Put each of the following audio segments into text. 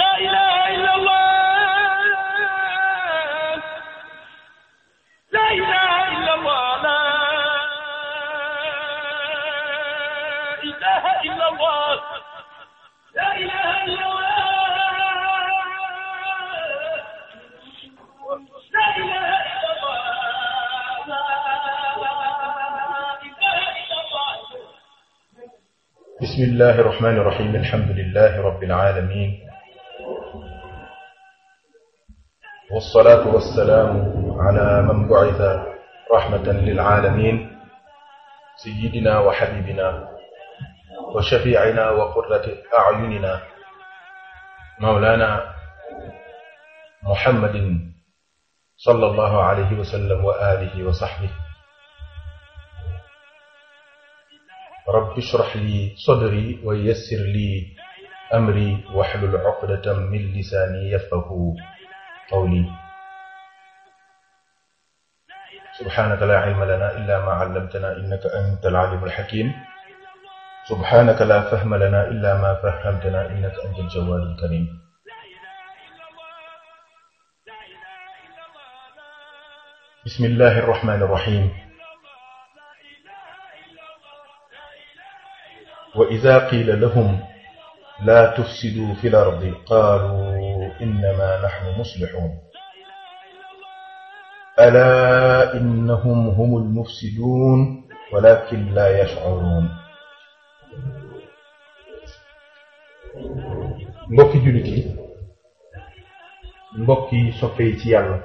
لا إله إلا الله لا إله إلا الله لا إله إلا الله لا إله إلا الله لا إله إلا الله بسم الله الرحمن الرحيم الحمد لله رب العالمين والصلاة والسلام على من بعث رحمة للعالمين سيدنا وحبيبنا وشفيعنا وقرة أعيننا مولانا محمد صلى الله عليه وسلم وآله وصحبه رب اشرح لي صدري ويسر لي أمري واحلل عقدة من لساني يفقه qawli subhanaka laa ilma lanaa illaa maa allamtanaa innaka anta al-aliimul hakiim subhanaka laa fahma lanaa illaa maa fahamtanaa innaka anta al-jawaadul kariim bismillahi irrahmani irrahim wa idaa qiila lahum laa tufsiduu fi l ardi qaaluu إنما نحن مصلحون ألا إنهم هم المفسدون ولكن لا يشعرون mbokki jullit yi mbokki soppe yi ci yàlla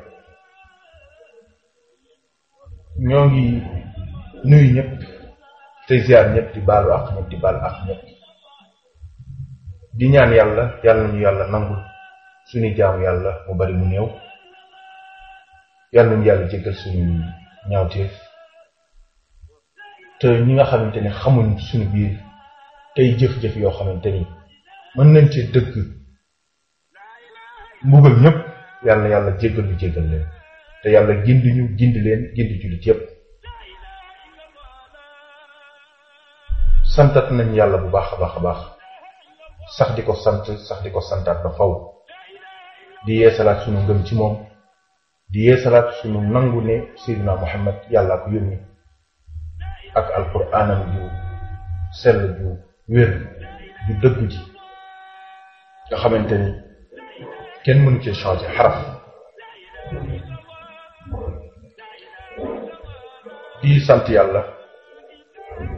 ñoo ngi nuyu ñëpp te ziar ñëpp di baalu ak ñëpp ñaan yàlla yàlla yàlla nangul suñuy jaamu yàlla mu bari mu néew yàlla nañu yàlla jéggal suñu ñaawteef te ñi nga xamante ni xamuñ suñu biir tey jëf-jëf yoo xamante ni mën nañ ci dëgg mbugal ñëpp yàlla na yàlla jéggal ñu jéggal leen te yàlla gindi ñu gindi leen gindi jullit yëpp santat nañ yàlla bu baax a baax a baax sax di ko sant sax di ko santaat ba faw di yeesalaat sunu ngëm ci moom di yeesalaat sunu nangu ne Seydina Muhammad yàllaa ko yónni ak alquraanam ju sell ju wér ju dëgg ji nga xamante ni kenn mënu ci changer xaraf di sant yàlla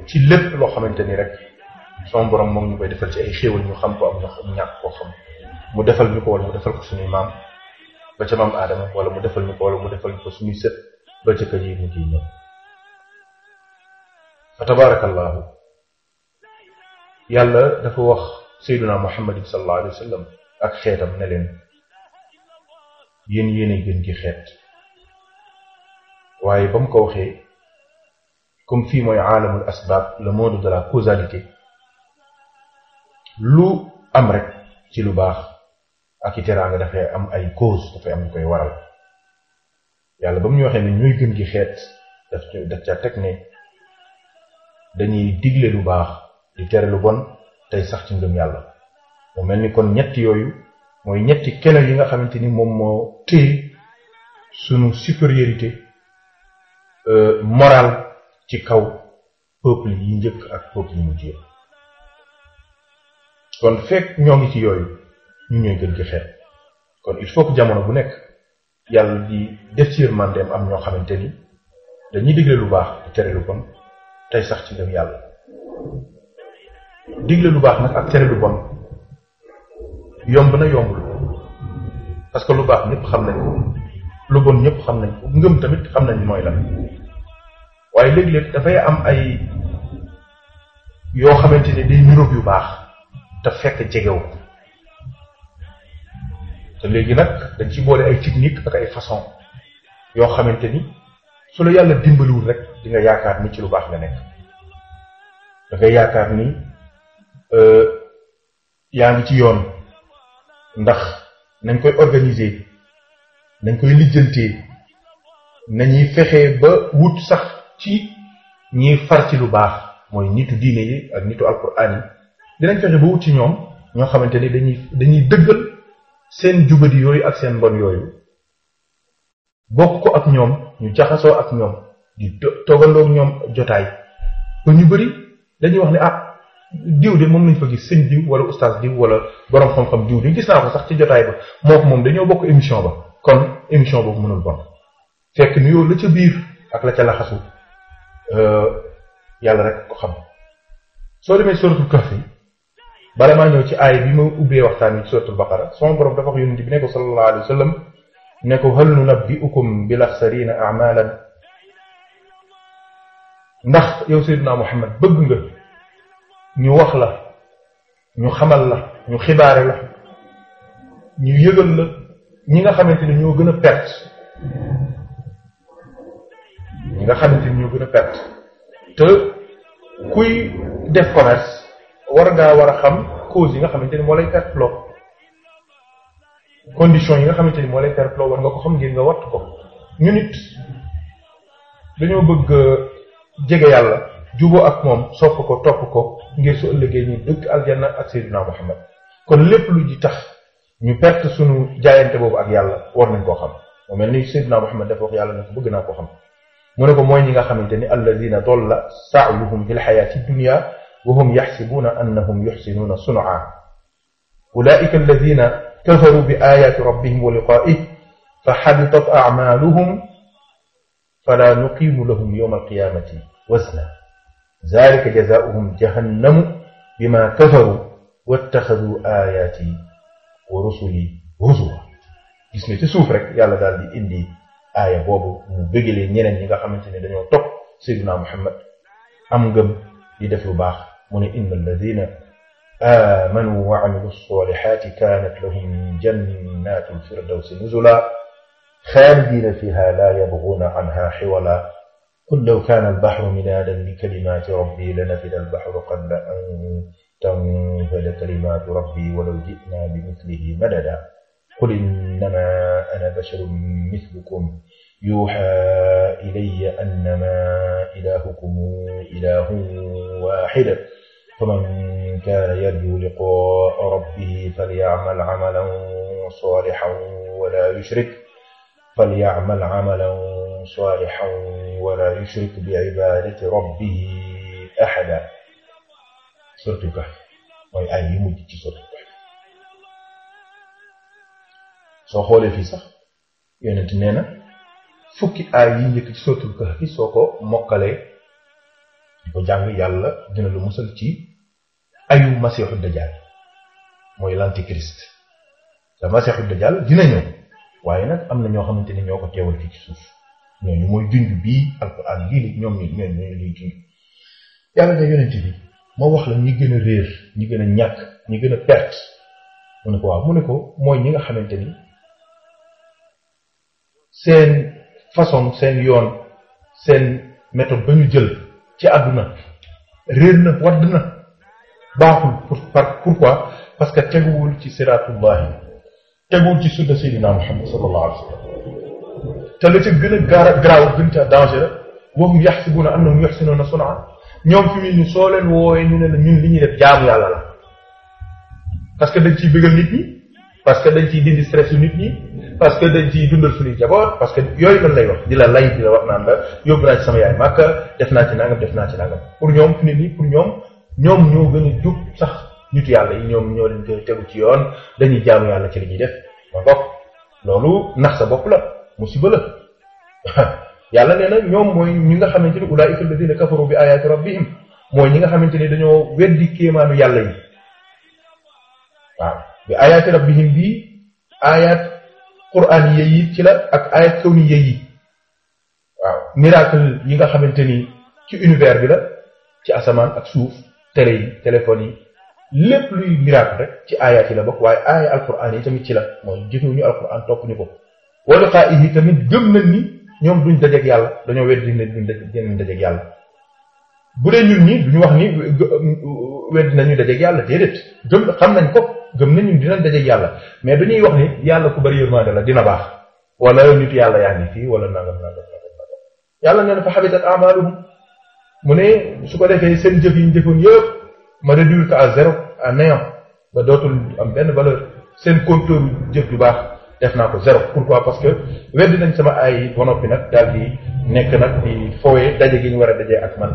ci lépp loo xamante ni rek sama borom moom ñu koy defal ci ay xéewal ñu xam ko am ñax ñàkk koo xam mu defal ñu ko wala mu defal ko suñuy maam ba ca maam aadama wala mu defal ñu ko wala mu defal ñu ko suñuy sët ba ca kër mu ciy ñëw fa tabaarakallaahu yàlla dafa wax sayduna muhammad sallallahu alayhi wa sallam ak xeetam ne leen waaye ba mu ko waxee comme fii mooy aalamul asbaab le monde de la causalité lu am rek ci lu baax ak i teraanga dafay am ay cause dafay am ñu koy waral yàlla ba mu ñu waxee ne ñuy gën gi xeet daf daf ca teg ne dañuy digle lu baax di tere lu bon tey sax ci ngëm yàlla mu mel ni kon ñett yooyu mooy ñetti keneen yi nga xamante ni moom moo téye sunu supériorité euh, morale ci kaw peuple yi njëkk ak peuple yi mujj kon fekk ñoo ngi ci yooyu ñu ñoo gën ci xeet kon il faut jamono bu nekk yàlla di def ci yërmandeem am ñoo xamante ni dañuy digle lu baax te tere lu bon tey sax ci ngëm yàlla digle lu baax nag ak tere lu bon yomb na yombul parce que lu baax ñëpp xam nañ lu bon ñëpp xam nañ ko ngëm tamit xam nañ mooy lan waaye léeg-léeg dafay am ay yoo xamante ni day niroog yu baax te fekk jegew te léegi nag dañ ci boole ay technique ak ay façon yoo xamante ni su la yàlla dimbaliwul rek di nga yaakaar ni ci lu baax nga nekk da yaakaar ni euh, yaa ngi ci yoon ndax nañ koy organiser nañ koy lijjantee nañuy fexe ba wut sax ci ñiy far ci lu baax mooy nitu diine yi ak nitu alquran yi dinañ fexe ba wut ci ñoom ñoo xamante ni dañuy dañuy seen jubadi yooyu ak seen mbon yooyu bokk ko ak ñoom ñu jaxasoo ak ñoom di togandoog ñoom jotaay ba ñu bëri dañuy wax ne ah diw de moom lañ fa gis seen diw wala oustaz diw wala borom xam-xam diw de gis naa ko sax ci jotaay ba moo ko moom dañoo bokk émission ba kon émission boobu mënul bon fekk ni yow la ca biir ak la ca laxasu euh, yàlla rek ko xam soo demee suratul kahfi bala maa ñëw ci aay bi ma ubbee waxtaan wi suratul baqara sama borom dafa wax yonent bi ne ko sallallahu alayhi wa ne ko hal nunabbi'ukum bil axsarina amalan yow Seydina Muhammad bëgg nga ñu wax la ñu xamal la ñu xibaare la ñu yëgal la ñi nga xamante ni ñoo gën a perte ñi nga xamante ni ñoo gën a perte te kuy def commerce war ngaa war a xam cause yi nga xamante ni moo lay perplo condition yi nga xamante ni moo lay perplo war nga ko xam ngir nga watt ko ñu nit dañoo bëgg jege yàlla juboo ak moom sopp ko topp ko ngir su ëllëgee ñu dëkk aljanna ak Seydina Muhammad kon lépp lu ji tax ñu perte sunu jaayante boobu ak yàlla war nañ koo xam moo mel ni Seydina Muhammad dafa wax yàlla ne bëgg naa koo xam mu ne ko mooy ñi nga xamante ni alladina dolla sa'yuhum fil hayati dunya وهم يحسبون أنهم يحسنون صنعا أولئك الذين كفروا بآيات ربهم ولقائه فحبطت أعمالهم فلا نقيم لهم يوم القيامة وزنا ذلك جزاؤهم جهنم بما كفروا واتخذوا آياتي ورسلي هزوا gis nga ci suuf rek yàlla daal di indi aaya boobu mu bëggalee ñeneen ñi nga xamante ne dañoo topp Seydina Muhammad am ngëm di def lu baax mu ne inna alladina amanu wa amilu salihaati kaanat lahum jannatu lfirdawsi nuzula xaalidina fiha la yabguna anha xiwala qul law kaana albaxru midaadan likalimaati rabbi lanafida albaxru qabla an tanfada kalimaatu rabbi walaw jinaa bimislihi madada qul innama ana basharun mislukum yuuxaa ilaya annama ilaahukum ilaahun waaxida فمن كان يرجو لقاء ربه فليعمل عملا صالحا ولا يشرك فليعمل عملا صالحا ولا يشرك بعبادة ربه أحدا سورة الكهف mooy ay yi mujj ci suratul kahf soo xoolee fii sax yonent nee na fukki ay yi njëkk ci suratul kahf soo ko mokkalee di ko jàng yàlla dina la musal ci ayu masiixu dajaal mooy l'antichrist te masiixu dajaal dina ñëw waaye nag am na ñoo xamante ni ñoo ko teewal fii ci suuf ñooñu mooy junj bii alquran lii la ñoom ñu ñoom ñooñu lay junj yàlla ne yonent bi moo wax la ñi gën a réer ñi gën a ñàkk ñi gën a perte mu ne ko waaw mu ne ko mooy ñi nga xamante ni seen façon seen yoon seen méthode ba ñu jël ci àdduna réer na wadd na parce que teguwul ci siratullahi teguwul ci sunna sayyidina Muhammad sallallahu alayhi wa sallam te la ca gën leen woowee ñu ne la ñun parce que dañ ciy bëggal nit parce que dañ ciy dindi stress yu parce que dañ ciy dundal suñuy jaboot parce que yooyu mën lay wax di la lay di la wax naan la yóbbu naa ci sama yaay màkk def naa ci nangam def naa ci nangam pour ñoom fi ne nii pour ñoom ñoom ñoo gën a jub sax nitu yàlla yi ñoom ñoo leen gën tegu ci yoon dañuy jaamu yàlla ci li ñuy def ma bopp loolu nax sa bopp la musiba la yàlla nee na ñoom mooy ñi nga xamante ni ulaa'ika alladina kafaru bi ayaati rabbihim ñi nga xamante ni dañoo weddi kéemaanu yàlla yi waaw bi ayaati rabbihim bi ayat quraan yi ci la ak ayat kawni yi waaw miracle yi nga xamante ni ci univers bi la ci asamaan ak suuf télé yi téléphone yi lépp luy miracle rek ci ayat yi la bokk waaye aaya alquran yi tamit ci la mooy jëfewuñu alquran topp ñu ko wa liqaa'ihi tamit gëm nañ ni ñoom duñ dajeeg yàlla dañoo weddi ne duñ dinañ yàlla bu dee ñun ñi duñu wax ni weddi nañu dajeeg yàlla déedéet gëm xam nañ ko gëm nañu dinañ daje yàlla mais dañuy wax ni yàlla ku bari yërmande la dina baax wala nit yàlla yaa ngi fii wala yàlla nee na fa habitat mu ne su ko defee seen jëf yi ñu yëpp ma réduire ko à zéro à néant ba dootul am benn valeur seen compteur jëf ju baax def naa ko zéro pourquoi parce que weddi nañ sama ay yi ba noppi nag daal nekk nag di fowee daje gi ñu war a dajee ak man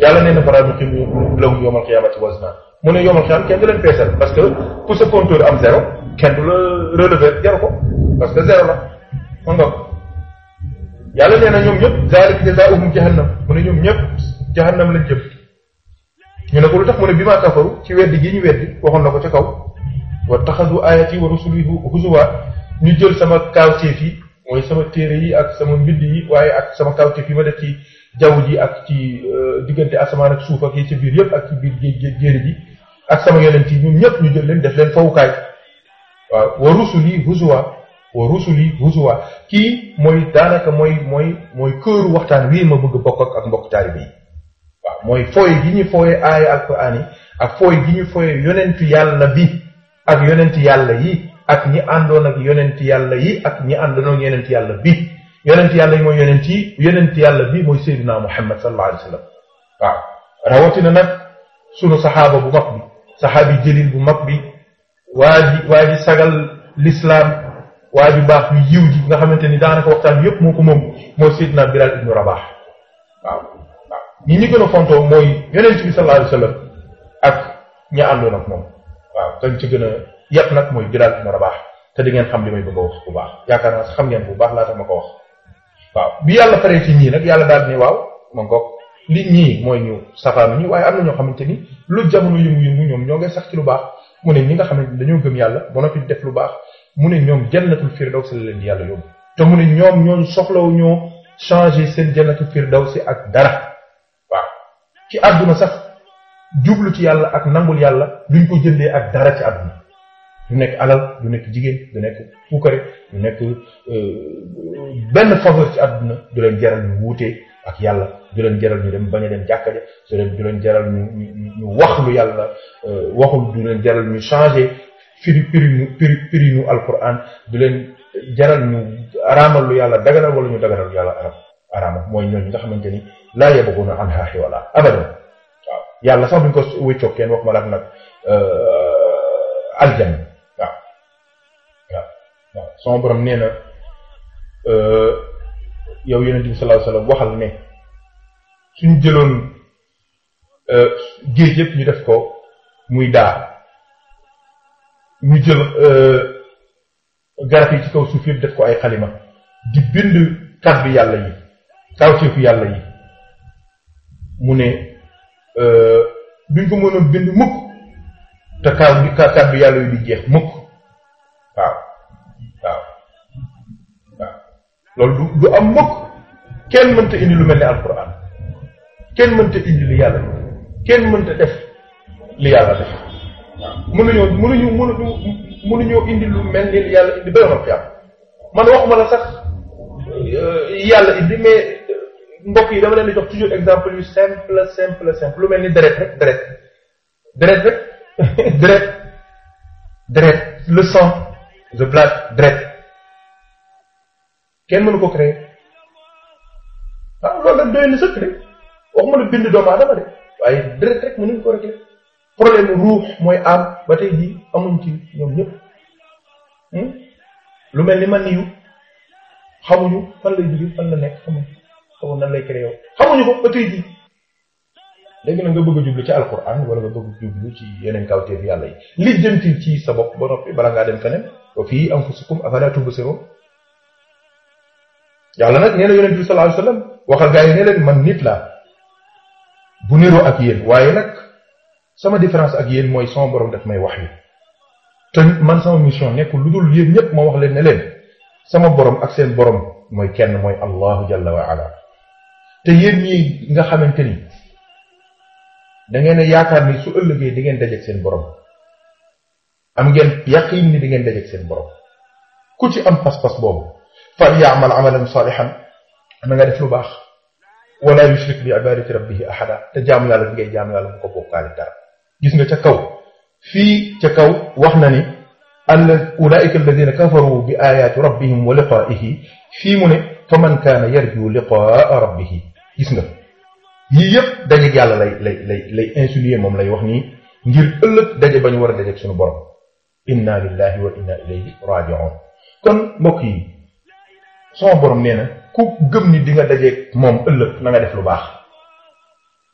yàlla nee na faral di fi mu lëw yoomal xiyaamati wazna mu ne yomal xel kenn du leen peesal parce que pour sa compteur am zéro kenn du la relever jaru ko parce que zéro la xam nga yàlla nee na ñoom ñëpp zaalika jazaa'uhum jahannam mu ne ñoom ñëpp jahannam lañ jëm ñu ne ko lu tax mu ne bi maa kafaru ci weddi gi ñu weddi waxoon na ko ci kaw wa taxadu ayati wa rusuli huzuwa ñu jël sama kaawteef yi mooy sama téere yi ak sama mbind yi waaye ak sama kaawteef yi ci jaww ji ak ci euh, diggante asamaan ak suuf ak yi ci biir yëpp ak ci biir géej géej ji ak sama yonent yi ñun ñëpp ñu jël leen def leen fawukaay waaw wa rusuli huzuwa wa rusuli huzuwa kii mooy daanaka mooy mooy këru waxtaan wii ma bëgg bokk ak mbokk taalibe yi waaw mooy fooye gi ñu fooye aaya alquraan yi ak fooye gi ñu fooye yonentu yàlla bi ak yonent yàlla yi ak ñi àndoon ak yonent yàlla yi ak ñi àndoon ak yonent yàlla bi yonent yàlla yi mooy yonent yi yonent yàlla bi mooy Seydina Muhammad sallallahu alayhi wa sallam waaw rawatina nag sunu saxaaba bu mag saxaabi jëlil bu mag bi waa ji waa ji sagal l'islam waa ju baax yu yiw nga xamante ni daanaka waxtaan yépp moo ko moom mooy Seydina Bilal ibnu Rabah waaw waaw ñi gën a fontoo mooy yonent bi sallallahu alayhi wasallam ak ña àndoon ak moom waaw dañ ci gën a yàpp nag mooy Bilal ibnu Rabah te di ngeen xam li may bëgg a wax bu baax yaakaar naa xam ngeen bu baax laa tax ma ko wax waaw bi yàlla paree ci ñii nag yàlla daal ni waaw ma ngoog li ñii mooy ñu safaan ñi waaye am na ñoo xamante ni lu jamono yëngu-yëngu ñoom ñoo ngay sax ci lu baax mu ne ñi nga xamante ni dañoo gëm yàlla ba noppi def lu baax mu ne ñoom jannatul firdawsi la leen yàlla yóbbu te mu ne ñoom ñooñu soxlawu ñoo changé seen jannatul firdawsi ak dara waaw ci àdduna sax jublu ci yàlla ak nangul yàlla duñ ko jëndee ak dara ci àdduna du nekk alal du nekk jigéen du nekk puukare du nekk euh, benn faveur ci àdduna du leen jaral ñu wuutee ak yàlla du leen jaral ñu dem bañ a dem jàkka ja su leen du leen jaral ñu ñu ñu wax lu yàlla euh, waxul du leen jaral ñu changé firi pirinu piri pirinu alquran du leen jaral ñu araamal lu yàlla daganal wala ñu daganal yàlla araam araamal mooy ñooñu nga xamante ni laa yabguna anha hiwala abadan waaw yàlla sax buñ ko wëccoo kenn wax ma laak nag euh, aljanna waaw waaw sama borom nee euh, yow yonent bi sallallahu alayhi waxal ne suñ jëloon euh, géej yëpp ñu def ko muy daar ñu jël euh, garab yi ci kaw suuf yëpp def ko ay xalima di bind kàddu yàlla yi kawteefu yàlla yi mu ne euh, duñ ko mënoon bind mukk te kàddu kàddu yàlla yi di jeex mukk loolu du am mukk kenn mënta indi lu mel ni alquran kenn mënta indi li yàlla kenn mënta def li yàlla def mënuñoo mënuñu mënuñu mënuñoo indi lu mel ni yàlla indi ba yomal xiyaam man waxuma la sax euh, yàlla indi mais mbokk yi dama leen di jox toujours exemple yu simple simple simple lu mel ni deret rek deret deret rek deret deret the blood deret kenn mënu ko créer waaw ah, loolu nag doy na sëkk rek waxuma la bind doomu aadama de waaye direct ruux mooy am ba tey jii amuñ ci ñoom ñëpp hmm? lu mel ni man yu xamuñu fan lay jóge fan la nekk xamuñ xamuñ nan lay créer xamuñu ko ba tey jii léegi nag nga bëgg a jublu ci alquran wala nga bëgg a jublu ci yeneen kawteef yàlla yi li jëntil ci sa bopp ba noppi bala ngaa dem feneen wa fii anfusikum afala tubsirun yàlla nag nee na yonent bi sallallahu waxal gaa yi ne leen man nit la bu niroo ak yéen waaye nag sama différence ak yéen mooy sama boroom daf may wax yi te man sama mission nekkul lu dul yéen ñépp ma wax leen ne leen sama borom ak seen borom mooy kenn mooy allahu jalla wa te yéen ñi nga xamante ni da ngeen yaakaar ni su ëllëgee di ngeen dajeeg seen borom am ngeen yaqiin ni di ngeen seen borom ku ci am pas-pas boobu fal yaamal amalan saalihan na nga def lu baax wala yushrik bi ibadati rabbihi ahada te jaamu yàlla bi ngay jaamu yàlla bu ko bokkaale dara gis nga ca kaw fii ca kaw wax na ni an ulaika alladina kafaru bi ayati rabbihim wa liqaihi fii mu ne fa man kaana yarju liqaa rabbihi gis nga yii yëpp dajeeg yàlla lay lay lay lay insulier moom lay wax nii ngir ëllëg daje bañu war a dajeeg suñu borom inna lillahi wa inna ilayhi rajiun kon mbokk yi sama borom nee na ku gëm ni di nga dajeeg moom ëllëg na def lu baax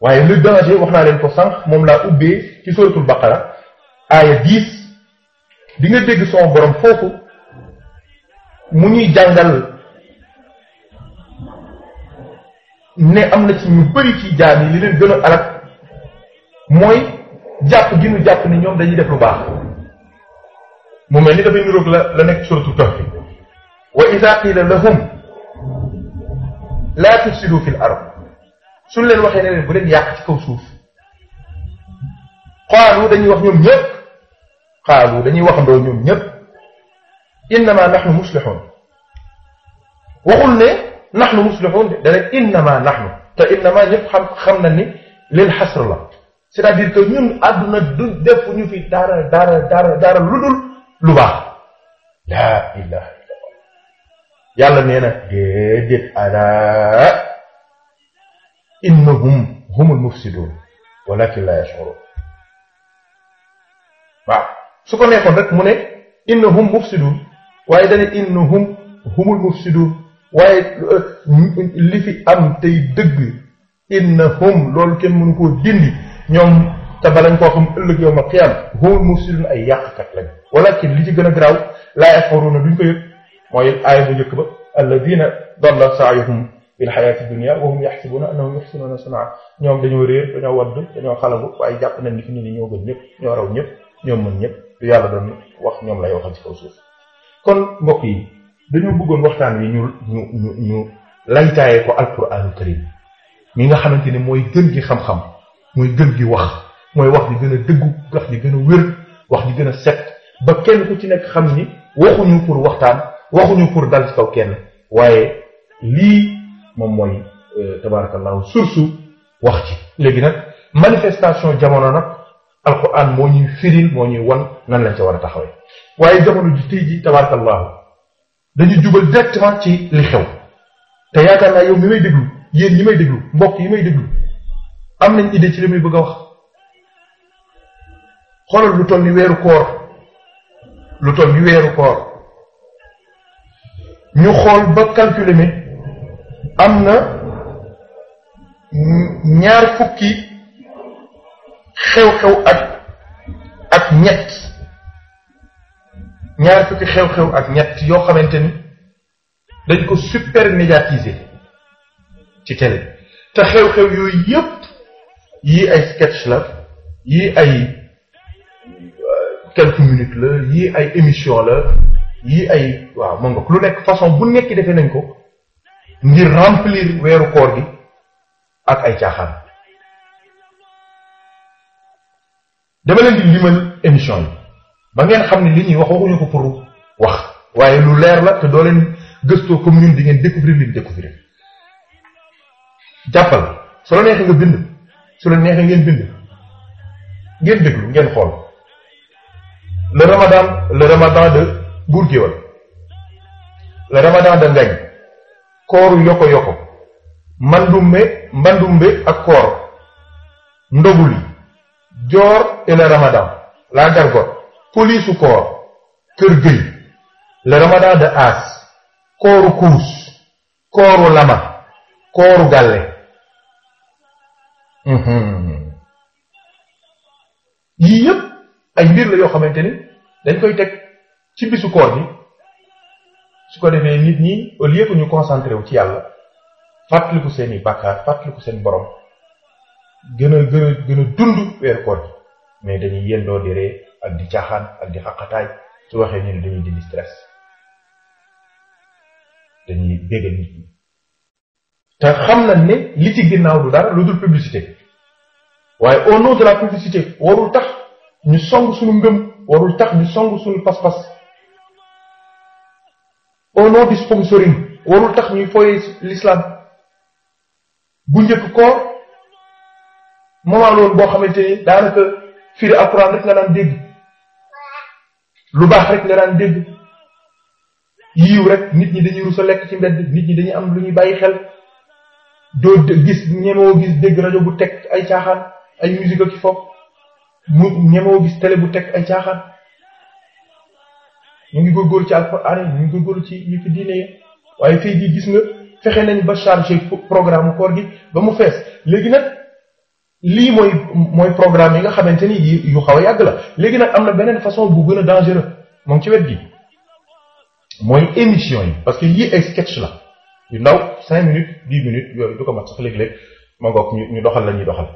waaye lu danger wax naa leen ko sànq moom laa ubbee ci suratul baqara aaya dix di nga dégg sama borom foofu mu ñuy jàngal ne am na ci ñu bari ci jaam yi li leen gën a alal mooy jàpp gi jàpp ni ñoom dañuy def lu baax mu mel ni dafay niroog la la nekk suratul kahf wa ida qila lahum laa tufsidu fi l ard suñ leen waxee ne leen bu leen yàq ci kaw suuf qaalu dañuy wax ñoom ñëpp qaalu dañuy waxandoo ñoom ñëpp innama naxnu muslixuun waxul ne naxnu muslixuun de da rek innama naxnu te innama ñëpp xam xam na ni lil xasr la c'est-à-dire que ñun àdduna du def ñu fi dara dara dara dara lu dul lu baax la ilaha yàlla nee na déedéet alaa innahum humul mufsidun walakin la yashurun waaw su ko nekkoon rek mu ne innahum mufsidun waaye dana innahum humul mufsidun waaye euh, li fi am tey dëgg innahum loolu kenn mënu koo dindi ñoom te balañ koo xam ëllëg yow ma xiyam humul mufsidun ay yàqkat lañ walakin li ci gën a garaaw laa yashuruna duñ ko yëg mooy aaya bu njëkk ba alladina dalla saayuhum fil xayaati dunia wa hum yaxsibuuna annahum yuxsinuuna ñoom dañoo réer dañoo wadd dañoo xalagu waaye jàpp nañ ni fi ñu ni ñoo ñëpp ñoo raw ñëpp ñoo mën wax ñoom lay waxal ci kon mbokk yi dañoo bëggoon waxtaan wi ñu ñu ñu ñu laytaaye ko alquraanu karim mi nga xamante ne mooy gën gi xam-xam gën gi wax mooy wax ji gën a gën a wér wax ji gën set ba kenn ku ci nekk xam ni waxuñu pour waxtaan waxuñu pour dal ci kaw kenn waaye lii moom mooy euh, tabarakallahu sursu wax ci léegi nag manifestation jamono nag alquran moo ñuy firil moo ñuy wan nan lañ ca war a taxawee waaye jamono ji tey ji dañu jubal directement ci li xew te yaakaar yow mi may déglu yéen ñi may déglu mbokk yi may déglu am nañ idée ci li muy bëgg a wax xoolal lu toll ni weeru koor ñu xool ba calculer am na ñaar fukki xew-xew ak ak ñett ñaar fukki xew-xew ak ñett yoo xamante ni dañ ko super médiatiser ci télé te xew-xew yooyu yépp yii ay sketch la yii ay euh, quelques minutes la yii ay émission la yi ay waaw mën nga lu nekk façon bu nekk defee nañ ko ngir remplir weeru koor gi ak ay caaxaan dama leen di limal émission yi ba ngeen xam ne li ñuy wax waxuñu ko pour wax waaye lu leer la te doo leen gëstoo comme di ngeen découvrir li ñu jàppal su la neexee nga bind su la neexee ngeen bind ngeen déglu ngeen xool le ramadan le ramadan buur géwal le ramadan de ngañ kooru yoko yoko mandumbe mbandumbe ak koor ndoguli joor et le ramadan la gargote polisu koor kër gëy le ramadan de as kooru kuus kooru lama kooru gàlle hmm, hmm, hmm, yii yëpp ay mbir la yoo xamante ni dañ koy teg ci bisu koor bi su ko defee nit ñi au lieu ñu concentré wu ci yàlla fàttaliku seen i fàttaliku seen borom gën a gën a gën a dund weeru koor bi mais dañuy yendoo di ree ak di caaxaan ak di xaqataay su waxee ñu ne dañuy dindi stress dañuy bégal nit ñi te xam nañ ne li ci ginnaaw du dara lu dul publicité waaye au nom de la publicité warul tax ñu song suñu ngëm warul tax ñu song suñu pas-pas warul tax ñuy foyee l'islam bu njëkk koor moment loolu boo xamante ni daanaka firi alxuraan rek nga daan dégg lu baax rek nga daan dégg yiiw rek nit ñi dañuy rusa lekk ci mbedd nit ñi dañuy am lu ñuy bàyyi xel doo gis ñemoo gis dégg rajo bu teg ay caaxaan ay musique ak foofu mu gis télé bu teg ay caaxaan ñu ngi góorgóorlu ci alxuraan yi ah, ñu ngi góorgóorlu ci yi fi diine yi waaye fii gis nga fexe nañ ba chargé programme koor gi ba mu fees léegi nag lii mooy mooy programme yi nga xamante ni yu xaw a yàgg la léegi nag am na beneen façon bu gën a dangereux moom ci wet gi mooy émission yi parce que lii ay sketch la yu ndaw cinq minutes dix minutes yooyu du ko mat sax léeg-léeg ma ngoog ñu ñu doxal la ñuy doxal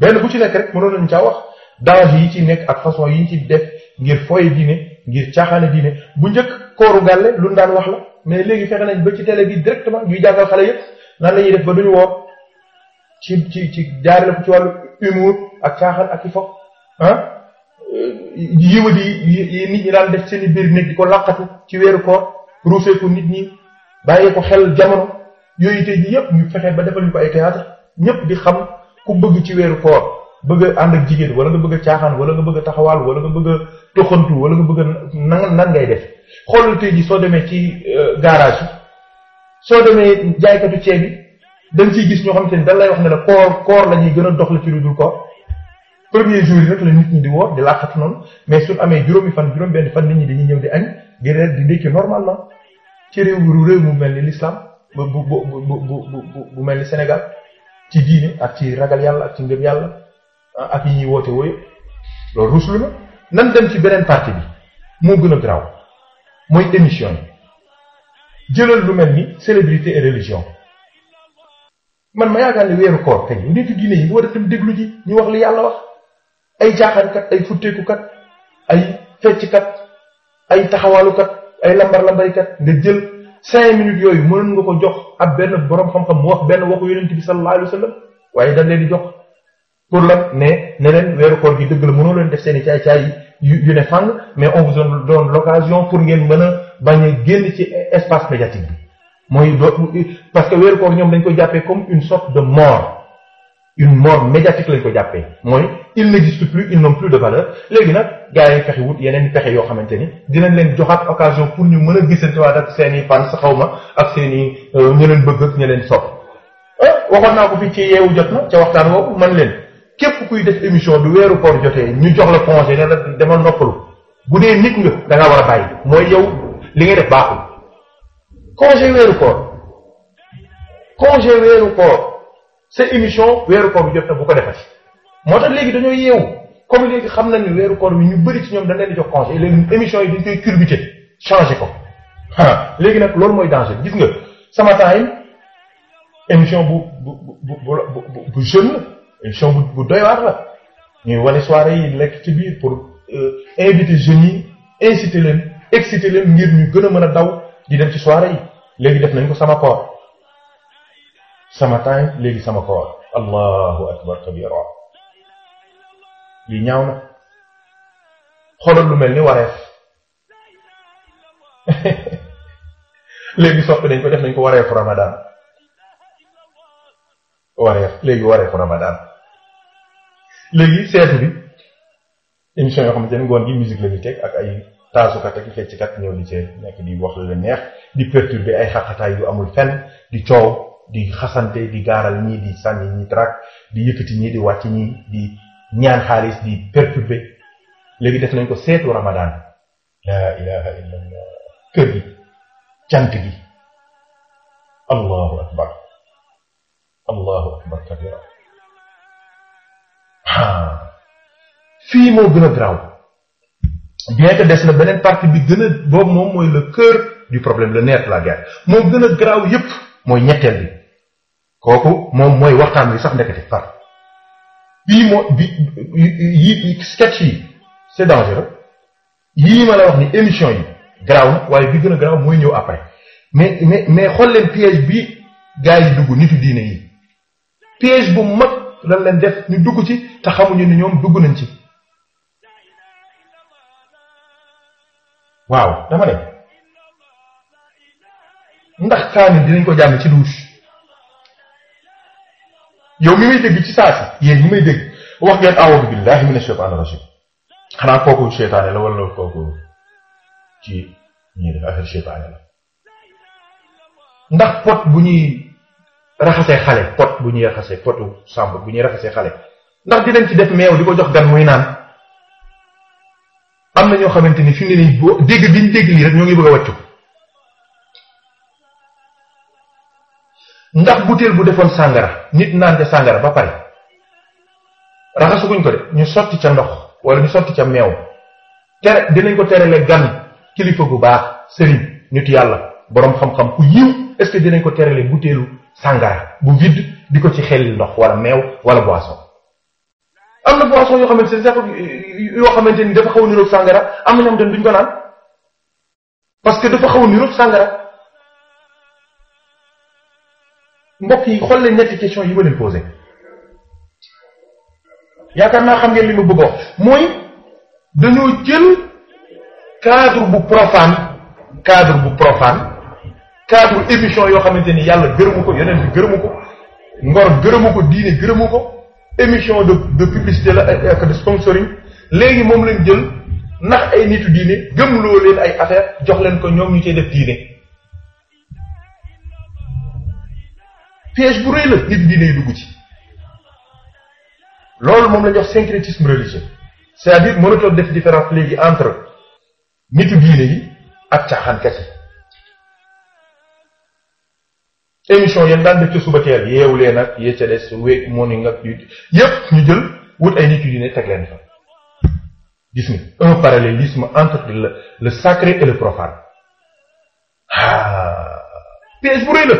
benn bu ci nekk rek mënoon nañ caa wax danger ci nekk ak façon yi ñu ci def ngir fooye diine ngir caaxaane diine bu njëkk kooru gàlle lu daan wax la mais léegi fexe nañ ba ci télé bi directement ñuy jàngal xale yëpp nan la ñuy def ba duñu woor ci ci ci jaarale ko ci wàllu humour ak caaxaan ak i fo ah yiwa yi nit ñi daan def seen i biir nekk di ko laqatu ci weeru koor ruusee ko nit ñi bàyyee ko xel jamono yooyu tey ji yëpp ñu fexe ba defal ñu ko ay théâtre ñëpp di xam ku bëgg ci weeru koor bëgg a ànd ak jigéen wala nga bëgg a wala nga bëgg a wala nga toxantu wala nga bëgg a nan nan ngay def xoolal tey ji soo demee ci euh, garage soo demee jaaykatu ceeb bi dañ ciy gis ñoo xam te ne dañ lay wax ne la koor koor la ñuy gën a doxal ci lu dul koor premier jour yi nag la nit ñi di woor di laaxatu noonu mais su amee juróomi fan juróom-benn fan nit ñi dañuy ñëw di añ di reer di ndékki normalement ci réew ru réew mu mel ni l'islam bu bu bu bu bu mel ni Sénégal ci diine ak ci ragal yàlla ak ci ngëm yàlla ah, ak yi ñuy woote wooyu nan dem ci beneen partie bi moo gën a graw mooy émission yi jëlal lu mel ni célébrité et religion man ma yaakaar ne weeru koor kañ nitu diine yi war a dem déglu ji ñu wax lu yàlla wax ay jaaxaankat ay futteekukat ay fecckat ay taxawaalukat ay lambar lambarkat nga jël cinq minutes yooyu mënoon nga ko jox ab benn borom xam-xam mu wax benn waxu yonent bi sallallahu alayhi waaye dañ leen di jox pour nag ne ne leen weeru koor gi dëgg la mënoo leen def seen i caay-caay yu yu ne fang mais on vous donne mën a bañ a génn ci espace médiatique bi parce que weeru ñoom dañ ko jàppee comme une sorte de mort une mort médiatique lañ ko jàppee mooy ils n'existent plus de valeur léegi nag gars yi fexe yeneen pexe yoo xamante ni dinañ leen joxaat occasion pour ñu mën a gisantewaat ak seen i xaw ma ak seen i euh, ñu leen bëgg ak ñu leen sopp eh, waxoon naa ko fii ci yeewu jot na ca waxtaan woowu man leen képp kuy def émission du weeru koor jotee ñu jox la congé ne la dama noppalu bu dee nit nga da war a bàyyi mooy yow li nga def baaxul congé weeru koor congé weeru koor sa émission weeru koor bi jot na bu ko defee moo tax léegi dañoo yeewu comme léegi xam nañ ne weeru koor bi ñu bëri ci ñoom dañ leen jox congé léegi émission yi dañ koy culbuté changé ko ah léegi nag loolu mooy danger gis nga sama temps émission bu bu bu bu bu jeune émission bu bu doy waar la ñuy wane soirée yi lekk ci biir pour euh, inviter jeunes yi leen exciter leen ngir ñu gën a mën a daw di dem ci soirée yi léegi def nañ ko sama koor sama temps léegi sama koor allahu akbar kabira lii ñaaw na xoolal lu mel ni wareef léegi soppi nañ ko def nañ ko wareefu ramadan wareef léegi wareefu Ramadan léegi seetu bi émission yoo xamante ne ngoon gi musique la teg ak ay taasukat ak fecckat ñëw di cee nekk di wax lu la neex di perturber ay xaqataay yu amul fen di coow di xasante di gaaral ñii di sànni ñii track di yëkkati ñii di wàcc ñii ñaan xaalis di perturber léegi def nañ ko seetu Ramadan. la ilaha illallah kër gi cant gi allahu akbar allahu akbar kabira fii moo gën a graw bien que des na beneen partie bi gën a boobu moom mooy le cœur du problème le nerf de la guerre moo gën a graw yépp mooy ñetteel moom mooy waxtaan wi sax ndekete par bii moo bi yi sketch yi c'est yii ma la wax ni émission yi graw waaye bi gën a graw mooy ñëw après mais mais mais leen piège bi gaa yi dugg nitu diine yi piège bu mag lan leen def ñu dugg ci te xamuñu ni ñoom dugg nañ ci waaw dama ne ndax kaamil dinañ ko jàng ci douche yow mi may dégg ci saa si yéen ñi may dégg wax ngeen awudu billahi mina shaytaani rajim xanaa kooku seytaane la wala kooku ci ñuy def affaire seytaane la ndax pot bu ñuy raxasee xale pot bu ñuy raxasee potu sàmb bu ñuy raxasee xale ndax dinañ ci def meew di ko jox gan muy naan am na ñoo xamante ni fi mu ne nii boo dégg biñ dégg lii rek ñoo ngi bëgg a wàccu ndax butéel bu defoon sàngara nit naan ca sàngara ba pare raxasuguñ ko de ñu sotti ca ndox wala ñu sotti ca meew tere dinañ ko terele gan kilifa gu baax sëriñ nit yàlla boroom xam-xam ku yiw est dinañ ko terele butéelu sàngara bu vide di ko ci xel ndox wala meew wala boisson am na boisson yoo xamante ne ni dafa xaw a sàngara am na ñoo xamante duñ ko parce que dafa xaw a sàngara mbokk yi xool leen ñetti question yi ma leen posé yaakaar naa xam ngeen li ma bëgg mooy dañoo jël cadre bu profane cadre bu profane cadre émission yoo xamante ni yàlla gërëmu ko yeneen bi gërëmu ko ngor gërëmu ko diine gërëmu ko émission de de publicité la ak de sponsoring léegi moom lañ jël ndax ay nitu diine gëmloo leen ay affaire jox leen ko ñoom ñu cay def diine piège bu rëy la nit diine yi dugg ci loolu moom la ñuy wax syncrétisme religieux c'est-à-dire mënatoo def différence léegi entre nitu diine yi ak caaxaankat yi émission yéen daan def ci suba teel yeewu leen ak yee ca des wake morning ak yu yépp ñu jël wut ay nit yu dine teg leen fa gis nga un entre le sacré et le profane ah bu rëy la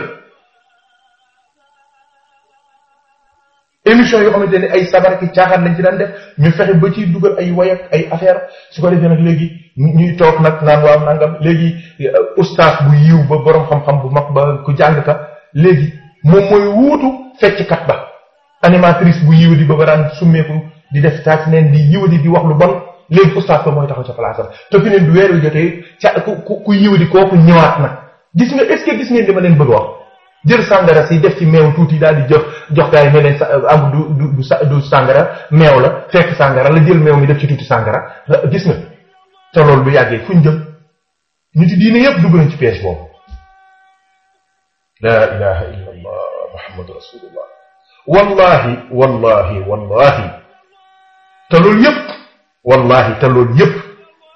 émission yoo xamante ne ay sabar ki caaxaan lañ ci daan def ñu fexe ba ciy dugal ay wayak ay affaire su ko defee nag léegi ñuy toog nag naan waaw nangam léegi euh, ustaas bu yiw ba borom xam-xam bu mag ba ku jàng ka léegi moom mooy wuutu fecckat ba animatrice bu yiwadi ba ba daan summeeku di def saa si neen di yiwadi di wax lu bon léegi oustaz ba mooy taxaw ca place am te fi na gis nga est si def ci meew tuuti daal di jox jox gars yi ne euh, am du du du meew la fekk sangara la jël meew mi def ci tuuti sangara gis nga te loolu bu yàggee fuñ jëm ñu ci diine yëpp dugg nañ ci piège boobu laa ilaha illa allah muhammadu rasulullah wallahi wallahi wallahi te loolu wallahi te loolu yëpp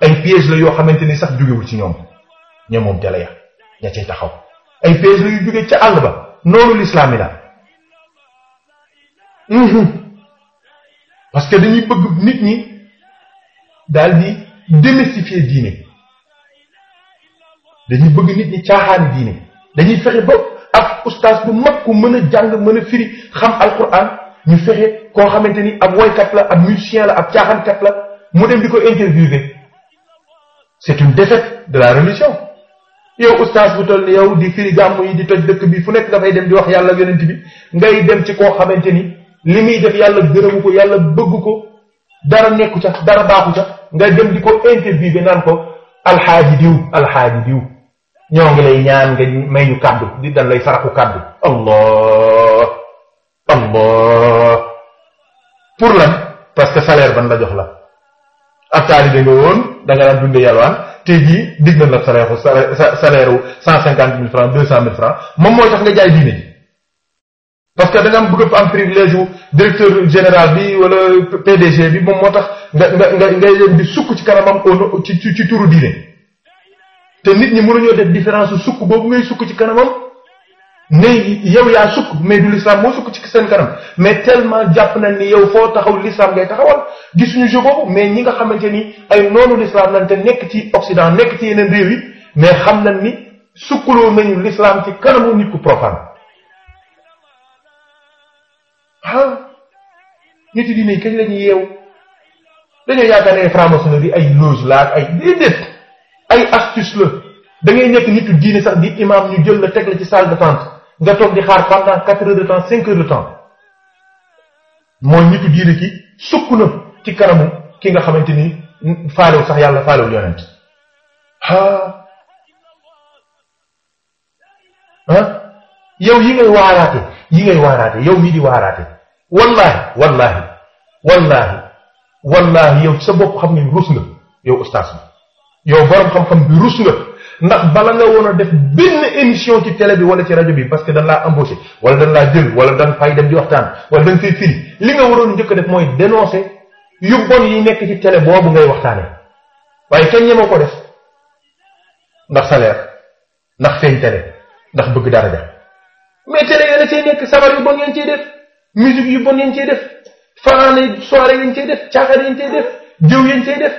ay piège la yoo xamante ni sax jógewul ci ñoom ña moom jala ya ña cay taxaw ay piège la yu jóge ca àll ba noonu lislaam yi la mhm. parce que dañuy bëgg nit ñi daal di démystifier diine dañuy bëgg nit ñi caaxaani diine dañuy fexe ba ab ustaas bu mag ku mën a jàng mën a firi xam alquran ñu fexe koo xamante ni ab woykat la ab musicien la ab caaxankat la mu dem di ko interviewé c'est une défaite de la religion yow ustaas bu toll ni yow di firi gàmmu yi di toj dëkk bi fu nekk nga dem di wax yàlla yonent bi ngay dem ci koo xamante ni li muy def yàlla gërëmu ko yàlla bëgg ko dara nekku ca dara baaxu ca nga dem di ko bi naan ko alxaaji diw alxaaji diw ñoo ngi lay ñaan nga may ñu kàddu di dañ lay saraxu kàddu allah allah pour lan parce que salaire ban la jox la ab taalibe nga woon da nga daan dunde yalwaan ah. te jii dig nañ la salaire salaire wu cent cinquante mille francs deux cent mille francs moom mooy tax nga jaay diine ji parce que da nga am wu directeur général bi wala PDG bi moom moo tax nga nga nga ngay leen di sukk ci kanamam ci ci turu diine te nit ñi mënuñoo def différence sukk boobu ngay sukk ci kanamam ne yow yaa sukk mais du l'islam moo sukk ci seen kanam mais tellement jàpp nañ ni yow foo taxaw l'islam ngay taxawal ñu jeu boobu mais ñi nga xamante ni ay noonu l'islam lañ te nekk ci Occident nekk ci yeneen réew yi mais xam na ni sukkuloo nañu l'islam ci kanamu nit ku profane ah nit yi diine kañ la ñuy yeew dañoo yaakaar ne franc-maçonnerie ay loge la ay déedéet ay astuce la da nekk nitu diine sax di imam ñu jël la teg la ci salle d'attente nga toog di xaar pendant de temps cinq de temps mooy nitu diine ki sukk na ci kanamu ki nga xamante ni faalew sax yàlla faalew yonent ah yow yi ngay waaraate yi ngay waaraate yow mii di waaraate wallaahi wallaahi wallaahi wallaahi yow sa bopp xam nga rus nga yow ustaas bi yow borom xam-xam bi rus nga ndax bala nga woon a def benn émission ci télé bi wala ci rajo bi parce que dañ laa embauché wala dañ laa jël wala dañ fay dem di waxtaan wala dañ fay firi li nga waroon njëkk def mooy dénoncer yu bon yi boobu ngay waxtaane waaye kenn ñemoo ko def ndax salaire ndax feeñ télé ndax bëgg dara def mais télé yéen a cay nekk sabar yu bon ngeen ciy def musique yu bon ngeen ciy def fanaane soirée ngeen ciy def caaxaan ngeen ciy def jëw ngeen ciy def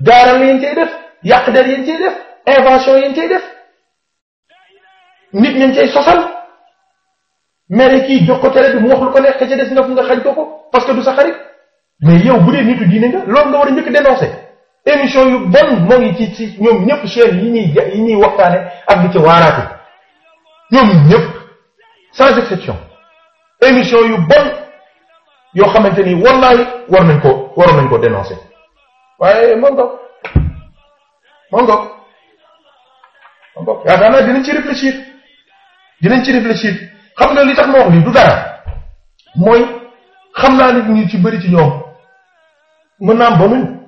gaaral yéen cay def yàq der yéen cay def nit ñañ cay sosal mere kii jox ko télé mu wax lu ko neex ca nga fu nga xañ ko ko parce que du sa xarit mais yow bu dee nitu diine nga loolu nga war a njëkk dénoncé émission yu bon moo ngi ci ci ñoom ñëpp chaîne yi ñuy yi ñuy waxtaane ak di ci waaraate ñoom sans exception émission yu bon yoo xamante ni wallaay war nañ ko waroon nañ ko dénoncé waaye mangoog mangoog mangoog yaakaar naa dinañ ci réfléchir dinañ ci réfléchir xam nga li tax ma wax lii du dara mooy xam naa nit ñu ci bëri ci ñoom mën naa am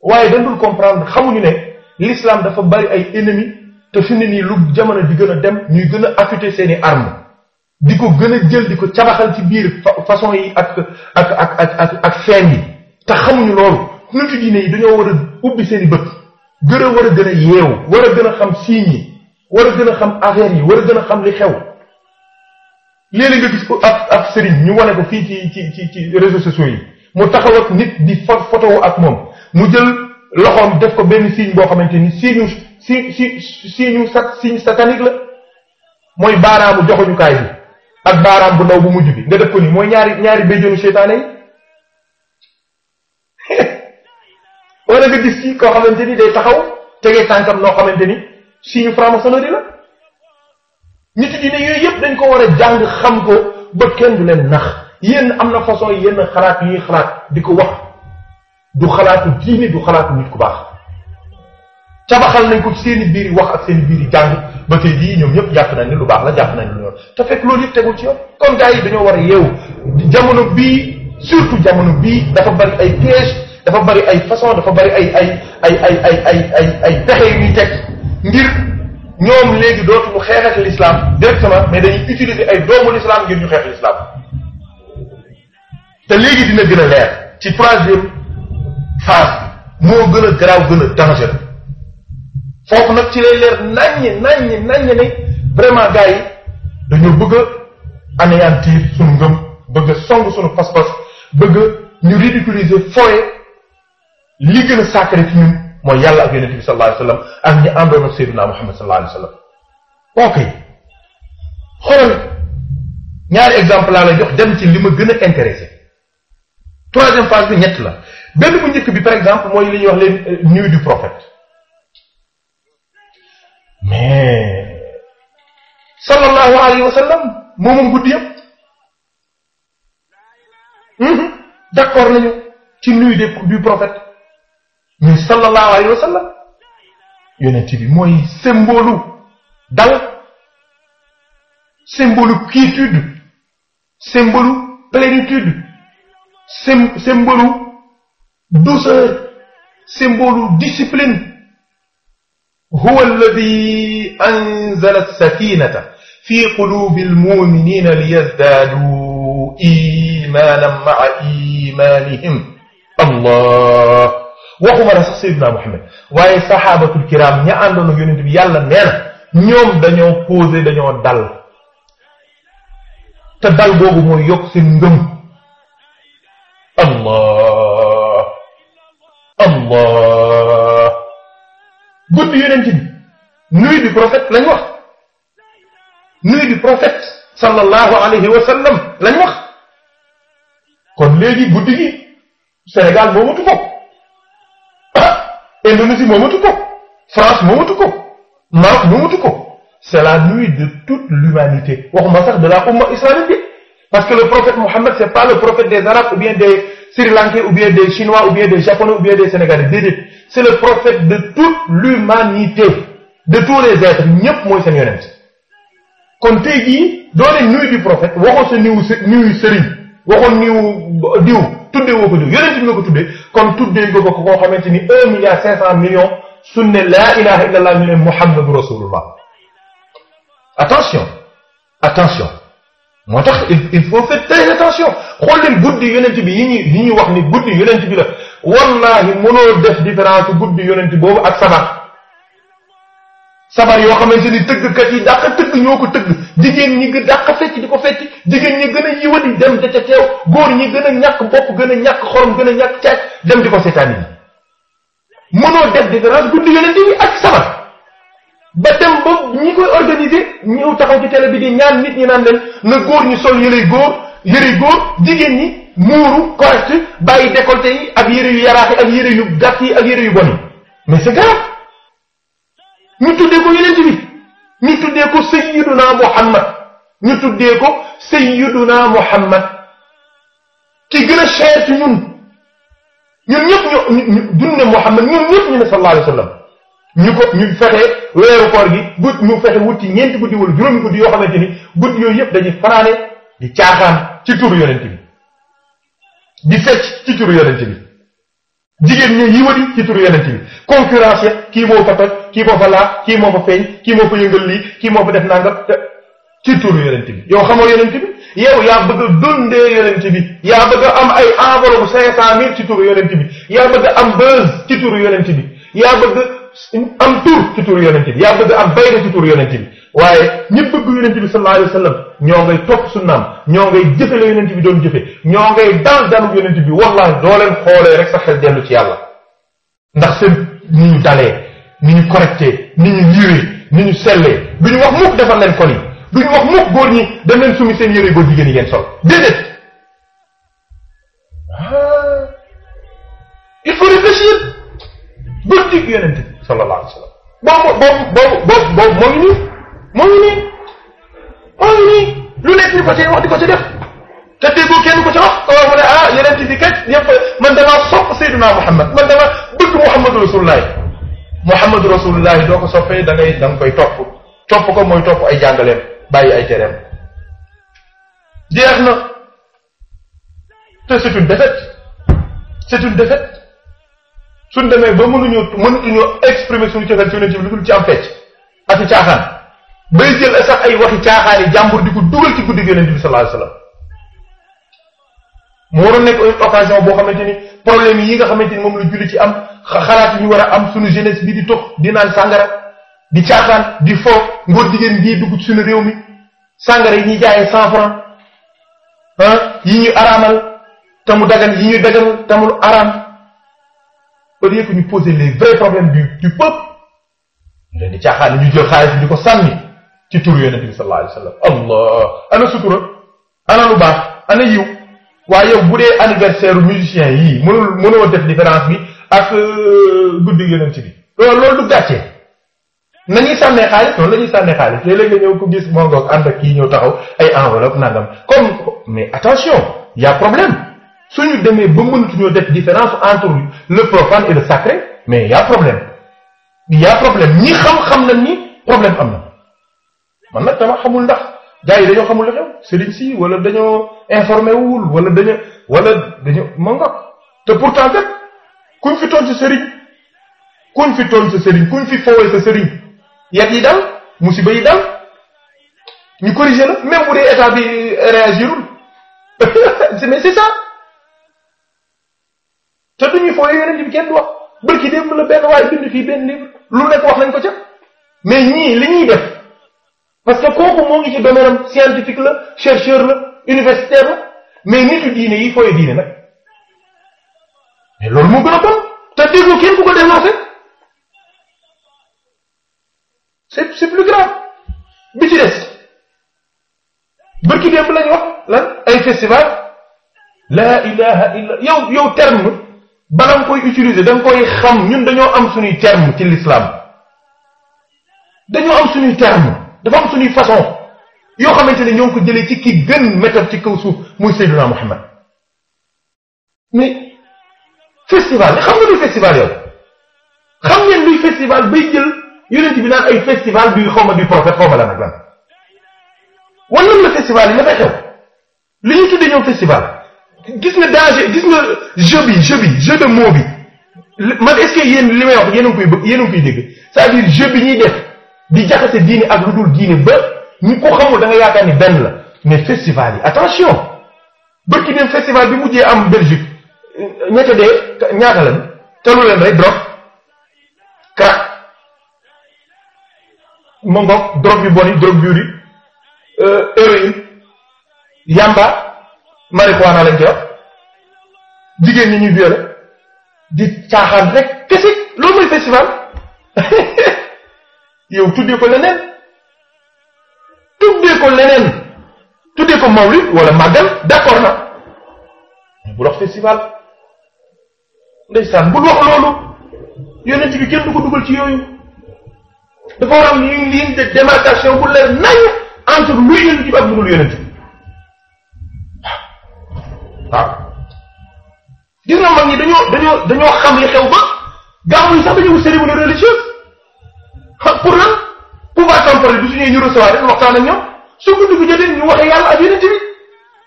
waaye dañ dul comprendre xamuñu ne l'islam dafa bari ay ennemis te fi nii lu jamono di gën a dem ñuy gën a affûter seeni armes di ko gën a jël di ko cabaxal ci biir façon yi ak ak ak ak ak feeñ yi te xamuñu loolu nu diine nii dañoo war a ubbi seen bët gër a war a gën a yeewu war a gën a xam signes yi war a gën a xam affaire yi war a gën a xam li xew léeg-léeg gis ko ab sëriñ ñu wane ko fii ci ci ci ci sociaux yi mu taxaw ak nit di fa photo ak moom mu jël loxoom def ko benn signe boo xamante ni signe si si signe sat signe satanique la mooy baaraamu joxuñukaay bi ak baaraam bu ndaw bu mujj bi nga def ko mooy ñaari ñaari béjjénu seytaane yi wala nga gis ci koo xamante ni day taxaw tege tànkam noo xamante ni signe franc-maçonnerie la nit yi ne yooyu yëpp dañ ko war a jàng xam ko ba kenn du leen nax yéen am na façon yenn xalaat yuy xalaat di ko wax du xalaatu diine du xalaatu nit ku baax tabaxal nañ ko seen i biir wax ak seen i biir jàng ba tey jii ñoom ñëpp jàpp nañ ni lu baax la jàpp nañ ni loolu te fekk loolu yëpp tegul ci yoon kon gars dañoo war a yeewu jamono bii surtout jamono bii dafa dafa bari ay façon dafa bari ay ay ay ay ay ay ay ay pexe yu ñuy teg ngir ñoom léegi dootuñu xeex ak l'islam directement mais dañuy utiliser ay doomu l'islam ngir ñu xeex l'islam te léegi dina gën a leer ci troisième phase moo gën a garaaw gën a dangereux foofu nag ci lay leer naññi naññi naññi ne vraiment gars yi dañoo bëgg a anéantir suñu ngëm bëgg song suñu pas-pas bëgg ñu ridiculiser fooye li gën a sacré mooy yàlla ak yonente bi sallallahu alayhi wasallam ak ñi àndoon ak Seydina Muhammad gën a intéressé troisième phase bi la benn bu njëkk bi par exemple mooy li ñuy wax les euh, nuits du prophète mais sallallahu alayhi wa sallam moomam guddi yëpp mhm, d'accord nañu ci nuit du prophète mais sallallahu alayhi wa sallam yonent bi mooy symbole dal symbole quiétude symbole plénitude sym symbole douceur symbole discipline huwa alladi anzala alsakinata fi qulubi almuminina liyazdadu imanan maa imanihim allah waxuma la sax Seydina Muhammad waaye saxaabatul kiram ña àndoon ak yonent bi yàlla nee na ñoom dañoo posé dañoo dal te dal boobu mooy yokk seen ngëm allah allah guddi yonent bi nuit du prophète lañ wax nuit du prophète sallallahu alayhi wax kon léegi guddi gi Sénégal moomatu ko Indonésie moomatu ko France moomatu ko Maroc moomatu ko c'est la nuit de toute l'humanité waxuma sax de la umma islamique parce que le prophète Mohammed c'est pas le prophète des arabes ou bien des Sri Lankais ou bien des chinois ou bien des japonais ou bien des sénégalais c'est le prophète de toute l'humanité de tous les êtres ñépp mooy seen yonent kon tey jii doone nuit du prophète waxoo sa niwu niwu sëriñ waxoon niw diw tuddee woo ko diw yonent bi nga ko tuddee kon tuddee nga ko koo xamante ni un milliard cinq cent millions su ne laa ilaha illa allah ñu ne muhammadu rasulullah attention attention moo tax il faut faire très attention xool leen guddi yonent bi yi ñuy yi ñuy wax ni guddi yonent bi la wallahi mënoo def différence guddi yonent boobu ak sabat sabar yoo xamante ni tëggkat yi dàq tëgg ñoo ko tëgg jigéen ñi gën a fecc di ko jigéen ñi gën a yiwadi dem da ca teew góor ñi gën a ñàkk bopp gën a ñàkk xorom gën a ñàkk caaj dem di ko seetaani yi mënoo def différence guddi yonente bi ak sabar ba dem ba ñi koy organiser ñëw taxaw ci télé bi di ñaan nit ñi naan leen na góor ñu sol yërey góor yërey góor jigéen ñi muuru correct bàyyi décolleté yi ak yëre yu yaraax yi ak yëre yu gàtt yi ak yëre yu bon mais c'est grave ñu tuddee ko yonent bi ñu tuddee ko muhammad ñu tuddee ko sayyiduna muhammad ki gën a cher ci ñun ñun ñëpp ñu dunne muhammad ñun ñëpp ñu ne sallallahu alayhi wa ñu ko ñu fexe weeru koor gi guddi ñu fexe wuti ñeenti guddi wala juróomi guddi yoo xamante ni guddi yooyu yëpp dañuy fanaane di caaxaan ci turu yonent bi di fecc ci turu yonent bi jigéen ñi yiwati ci turu yonent bi concurrence ya kii moo fa toj kii moo fa laaj kii moo fa feeñ kii moo fa yëngal lii kii moo fa def nangam te ci turu yonent bi yow xamoo yonent bi yow yaa bëgg a dundee yonent bi am ay enveloppe cinq cent mille ci turu yonent bi yaa bëgg a am buzz ci turu yonent bi yaa bëgg am tur ci turu yonent bi yaa bëgg am bi waaye ñi bëgg yonent bi sallallahu alayhi wa ñoo ngay topp sunnaam ñoo ngay jëfe la yonent bi doon jëfe ñoo ngay daal daanu yonent bi wallahi doo leen xoolee rek sa xel dellu ci yàlla ndax seen ñu dalee ni ñu correcté ni ñu yiwee ni ñu sellee du ñu wax mukk defal leen kon yi du wax mukk góor ñi dem leen sumi seen yére góor jigéen yi ngeen sol déedéet ah. il faut réfléchir ba digg yonent bi sallallahu alayhi wa sallam boobu boobu boobu boobu moo ngi nii moo ngi nii moo ngi nii lu nekk di ko ci wax di ko ci def te déggoo kenn ko ci wax wala mu ne ah yonent bi kat ñëpp man damaa sopp Seydina Muhammad rasulullahi doo ko soppee da ngay koy topp topp ko mooy topp ay jàngaleem bàyyi ay tereem jeex na te c'est une défaite c'est suñ demee ba mënuñu mënuñu exprimer suñu cofeel ci yonent bi lu dul ci am fecc ak i caaxaan bay jël sax ay waxi caaxaan jàmbur di ko guddi yonent bi sallallahu alayhi wasallam mu waroon nekk une occasion boo xamante ni problème yi nga xamante ni moom la julli ci am xalaat yi war a am suñu jeunesse bi di tox di naan sàngara di caaxaan di fo ngóor jigéen bii dugg ci suñu réew mi sàngara yi ñuy jaayee cent franc ah yi ñu araamal te mu dagan yi ñu daganal te mu araam au lieu que ñu poser les vrais problèmes du du peuple ñu leen di caaxaan ñu jël di ko sànni ci tur yonente bi sallallahu alayhi allah ana sutura ana lu baax ana yiw waaye yow bu dee anniversaire musicien yii mënul mënoo def différence bi ak euh, guddi yeneen ci bi loolu loolu du gàccee nañuy sànnee xaalis noonu la ñuy sànnee xaalis léeg-léeg nga ñëw ko gis moo ngoog ànd ak kii ñëw taxaw ay enveloppe nangam comme mais attention y a suñu demee ba mënatuñoo def différence entre le profane et le sacré mais y a problème y a problème ñi xam-xam na ni problème am na man nag dama xamul ndax gars yi dañoo xamul la xew sëriñ si wala dañoo informé wul wala dañoo wala dañoo ma nga te pourtant kat kuñ fi toon sa sëriñ kuñ fi toon sa sëriñ kuñ fi fowee sa sëriñ yat yi daal musiba yi daal ñu corrigé la même bu dee état bi euh, réagirul mais c'est ça te du ñuy fowee yeneen yi kenn du wax bërki démb la benn waaye bind fii benn lu nekk wax nañ ko ca mais ñii li ñuy def parce que kooku moo ngi ci domaine am fooy diine loolu moo gën a bon te déglu kenn ku ko dénoncé c'est c'est plus grave bi ci des bërki lañ wax lan ay festival la ilaha illa yow yow terme koy utiliser da koy xam dañoo am suñuy terme ci dañoo am suñuy terme dafa am suñuy façon yoo xamante ne ñoo ngi ko jëlee ci ki gën méthode ci kaw suuf muy Seydina Muhammad mais festival xam nga luy festival yow ngeen luy festival bay jël yonent bi naan ay festival du xaw ma du prophète xaw ma la festival yi la fay li ñu tuddee ñoom festival gis nga danger gis nga jeu bi jeu bi jeu li may wax yéen a ngi koy yéen a ngi koy def di jaxase diine ak lu dul diine ba ñi ko xamul da nga benn la mais festival yi attention bërki dem festival bi mujjee am Belgique ñette dee ñaata lañ te lu leen rey mongok drogue yu bon yi yu ri euh, yamba marijuana lañ ci wax jigéen ñi ñuy violé di caaxaan rek kese loolu mooy festival yow tuddee ko leneen tuddee ko leneen tuddee ko mawlid wala na bul wax festival ndeysaan bul wax loolu yonent bi kenn du ko dugal ci yooyu dafa war am une ligne de démarcation bu leer nañ entre luy yonent bi ak lu dul yonent bi waaw gis nga mag ñi dañoo dañoo dañoo xam li xew ba gaaw yi sax dañoo wut cérémonie religieuse pare bu su ñëwee ñu recevoir rek waxtaan ak ñoom su guddi gu jotee ñu waxee yàlla ak yeneen tamit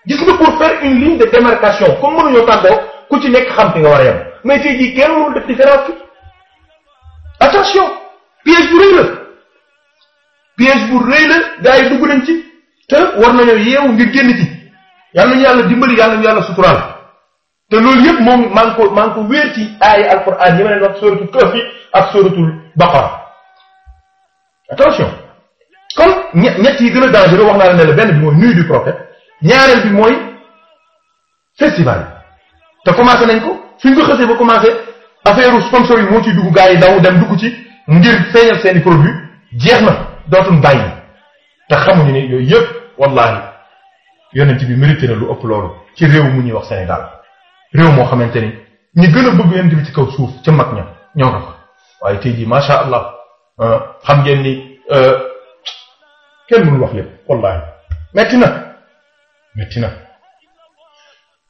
gis nga pour faire une ligne de démarcation comme mënuñoo tàggoo ku ci nekk xam fi war a yem mais tey jii kenn mënul def différence bi attention piège bu rëy la dugg nañ ci te war nañoo yeewu ngir génn ci yàlla nañu yàlla dimbali yàlla nañu yàlla suturaal te loolu yëpp moom maa ngi ko maa ngi ko wéer ci aaya ma leen wax suratul kahf ak suratul baqara attention comme ñett yi gën a dangereux wax naa la ne la benn bi mooy nuit du prophète ñaareel bi mooy festival bi te commencé nañ ko suñ ko xësee ba commencé affaire sponsor yi moo ciy dugg gars yi daw dem dugg ci ngir seen produit jeex na dootuñ bàyyi te xamuñu yooyu yëpp wallahi yonent bi mérité lu ëpp ci réew mu ñuy wax Sénégal réew moo xamante ni ñi gën a bëgg yonent bi ci kaw suuf ca mag ña waaye tey jii macha allah ah, xam ngeen ni. Euh, kenn mënul wax lépp wallaahi metti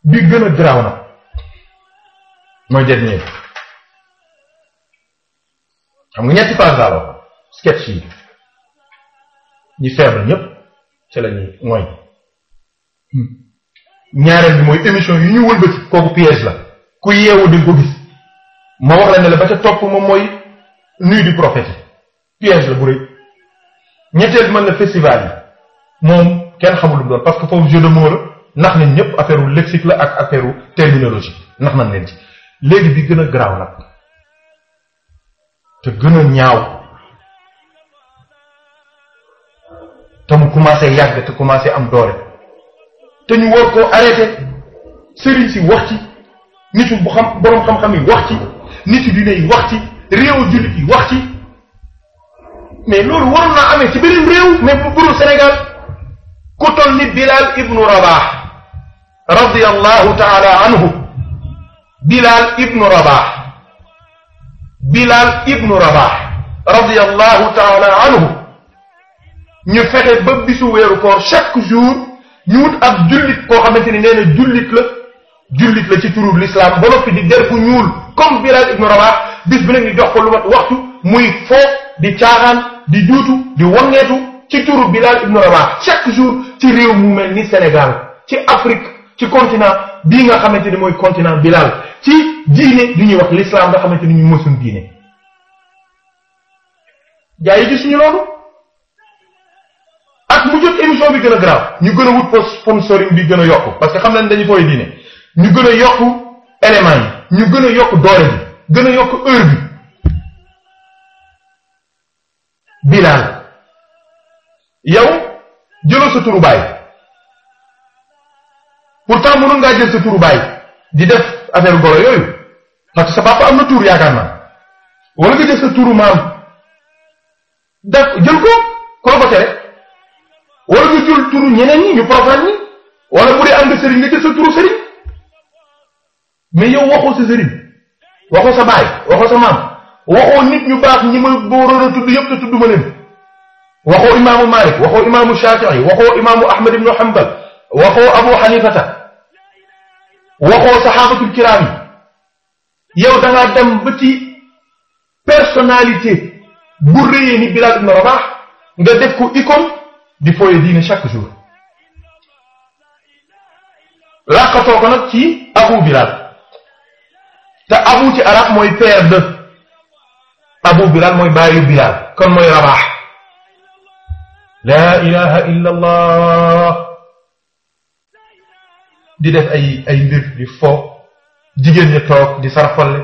bi gën a garaaw na mooy dernier xam nga ñetti phase sketch yi ñi feebar ñëpp ci la mooy ñaareel mooy émission yu ñu wëlbati kooku piège la ku yeewu di ko gis ma wax la ne ba ca topp moom mooy nuit du prophète piège la bu rëy ñetteel man la festival yi moom kenn xamul lu doon parce que foofu jeu de ndax nañ ñëpp affaire u lexique la ak affaire terminologie ndax nañ leen léegi bi gën a garaaw nag te gën a ñaaw te mu commencé yàgg te commencé am doole te ñu war koo arrêté sëriñ si wax ci nitu bu xam boroom xam-xam yi wax ci nitu dina yi wax ci réewu jullit yi wax ci mais loolu waroon naa amee ci beneen réew mais bu burul Sénégal ku toll ni Bilal ibnu Rabah radiyallahu taala anhu Bilal ibnu Rabah Bilal ibnu taala anhu ñu fexe ba bisu weeru koor chaque jour ñu wut ab jullit koo xamante ni nee na jullit la jullit la ci turu l'islam ba noppi di der ku ñuul comme Bilal ibnu Rabah bis bi la ñu jox ko lu mat muy foof di caaxaan di juutu di wangeetu ci turu Bilal ibn Rabah chaque jour ci réew mu mel ni Sénégal ci Afrique ci continent bii nga xamante ni mooy continent bilaal ci diine di ñuy wax l'islam nga xamante ni ñu mësuñ diine jaay yi gisuñu loolu ak mu jot émission bi gën a grave ñu gën a wut po sponsoring bi gën a yokk parce que xam nañ dañu fooy diine ñu gën a yokk élément ñu gën a yokk doole bi gën a yokk heure bi Bilaal yow jëloo sa turu baay pourtant mënoon ngaa jël sa turu baay di def affaire golo yooyu parce que sa papa am na tur yaakaar naa wala nga jël sa turu maam def jël ko koo ko tere wala nga jël turu ñeneen ñi ñu programme ñi wala bu am nga sëriñ nga jël sa turu sëriñ mais yow waxoo sa sëriñ waxoo sa baay waxoo sa maam. waxoo nit ñu baax ñi ma booroon a tudd yëpp te tudd ma leen waxoo imaamu Malik waxoo imaamu Shafii waxoo imaamu Ahmad ibnu Hanbal waxoo Abu Hanifata waxoo saxaabatul kiraam yi yow da ngaa dem ba ci personnalité bu rëyee ni Bilal ibnu Rabax nga def ko icône di fooye diine chaque jour làqatoo ko nag ci Abu Bilal te Abu ci arab mooy père de abu bilal mooy baayu bilal kon mooy rabaax laa ilaha illa di def ay mbir di fo jigéen ñi toog di sarxolle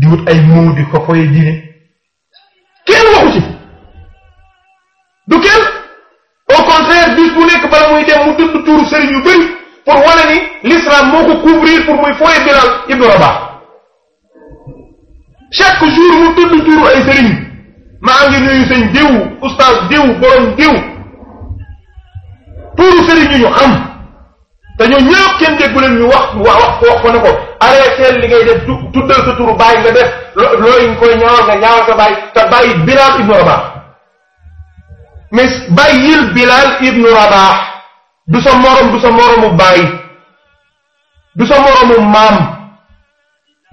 di wut ay muu di ko foye diine kenn waxu ci du kenn au contraire bis bu nekk mu dund tuuru sëriñ pour wane ni l'islam moo ko couvrir pour muy foye bilal ibnu rabaax chaque jour mu tudd turu ay sëriñ maa ngi nuyu sëñ diw oustaz diw borom diw turu sëriñ yi ñu am te ñoo ñëpp kenn déggu leen ñu wax wax ko wax ko ne ko arrêté li ngay def tuddal sa turu bàyyi nga def looy nga koy ñaawal nga ñaawal sa bàyyi te bàyyi Bilal ibnu Rabah mais bàyyil Bilal ibnu Rabah du sa morom du sa moromu bàyyi du sa maam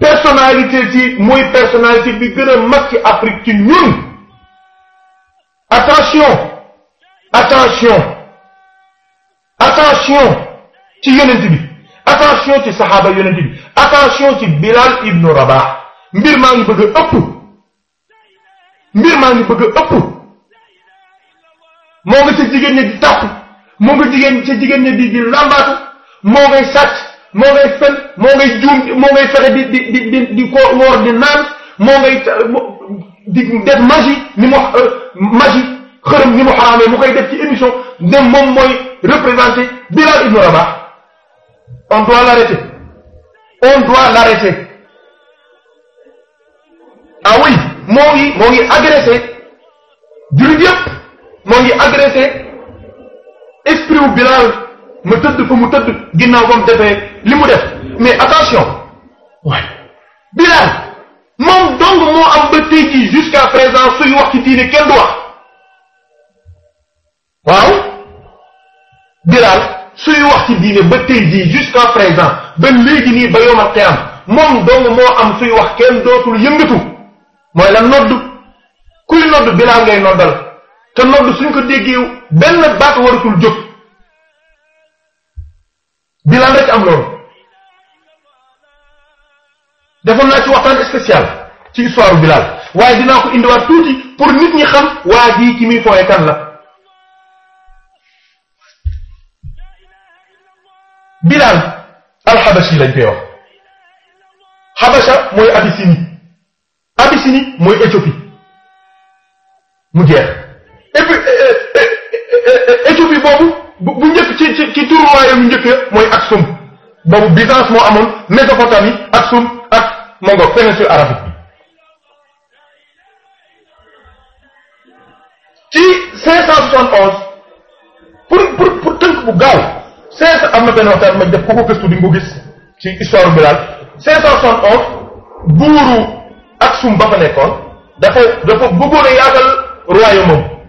personnalité ci mooy personnalité bi gën a mag ci Afrique ci ñun attention attention attention ci yonent bi attention ci saxaaba yonent bi attention ci Bilal ibnu Rabah mbir maa ngi bëgg a ëpp mbir maa ngi bëgg a ëpp moo nga ca jigéen ñi di tàpp moo nga jigéen ca jigéen di di làmbaatu moo ngay sàcc moo ngay fen moo ngay juum moo ngay ko woor di naan moo ngay di def ni mu euh, magie xërëm ni mu xaraamee mu dem moom mooy représenter Bilal Ibn Rabah on doit l'arrêter on doit l'arrêter ah oui moo ngi moo ngi agressé jullit yëpp moo ngi agressé esprit wu Bilal mu tëdd ginnaaw ba mu defee li mu def mais attention waaye Bilal moom dong moo am ba tey jii jusqu'à présent suy wax ci diine kenn du wax waaw Bilal suy wax ci diine ba tey jii présent ba léegi ba yomal xiyam moom dong moo am suy wax kenn dootul yëngatu mooy la nodd kuy nodd Bilal ngay noddal te nodd suñ ko déggee benn baat waratul jóg bilan rek am loolu defoon naa ci waxtaan spécial ci histoire Bilal waaye dinaa ko indiwaat tuuti pour nit ñi xam waa jii ki muy fooye kan la Bilal alxabashi lañ koy xabasha mooy Abyssinie Abyssinie mooy Éthiopie mu jeex euh, euh, euh, Éthiopie boobu bu bu njëkk ci ci ci turuwaayam njëkk ya mooy ak sum boobu Byzance moo amoon Mésopotamie ak sum ak mongo péninsule arabique ci 571 pour pour pour tënk bu gaaw 500 am na benn waxtaan ma def ku ko gëstu di nga ko gis ci histoire bi daal 571 buuru ak sum ba fa nekkoon dafa dafa bëggoon a yaatal royaume moom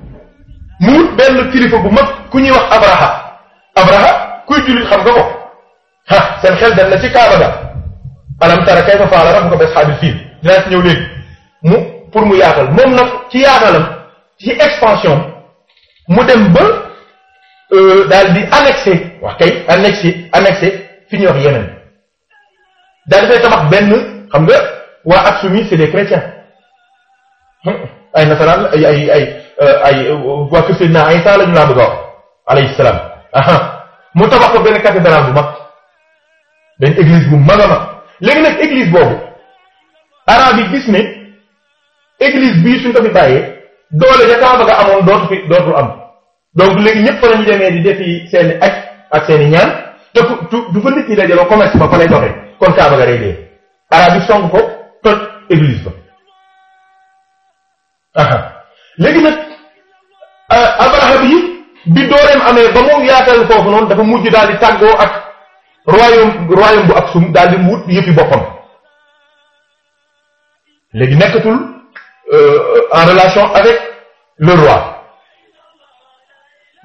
mu wut benn kilifa gu mag ku ñuy wax abraha abraha kuy jullit xam nga ko ah seen xel dem na ci kaaba ga alam tara kayfa faala rabbuka bi asxaabil fiil dinaa ci ñëw léegi mu pour mu yaatal moom nag ci yaatalam expansion mu dem ba euh, daal di annexé wax kay annexé fi ñuy wax yeneen daal dafay tabax benn xam nga waa Aksumi c'est des chrétiens hmm, ay nasaraan Eh, ay waa kër Seydina Isa lañu laa bëgg a wax alayhi salaam mu tabax ko benn cathédrale bu mag benn église bu mag a mag léegi nag église boobu arabe gis ne église bii suñ ko fi bàyyee doole ja Kaaba ga amoon dootu fi dootu am donc léegi fa léegi nag Euh, Abraham yi bi dooleem amee ba mu yaatal foofu noonu dafa mujj daal di tàggoo ak royaume royaume bu Aksum daal di wut yëfi boppam léegi nekkatul euh, en relation avec le roi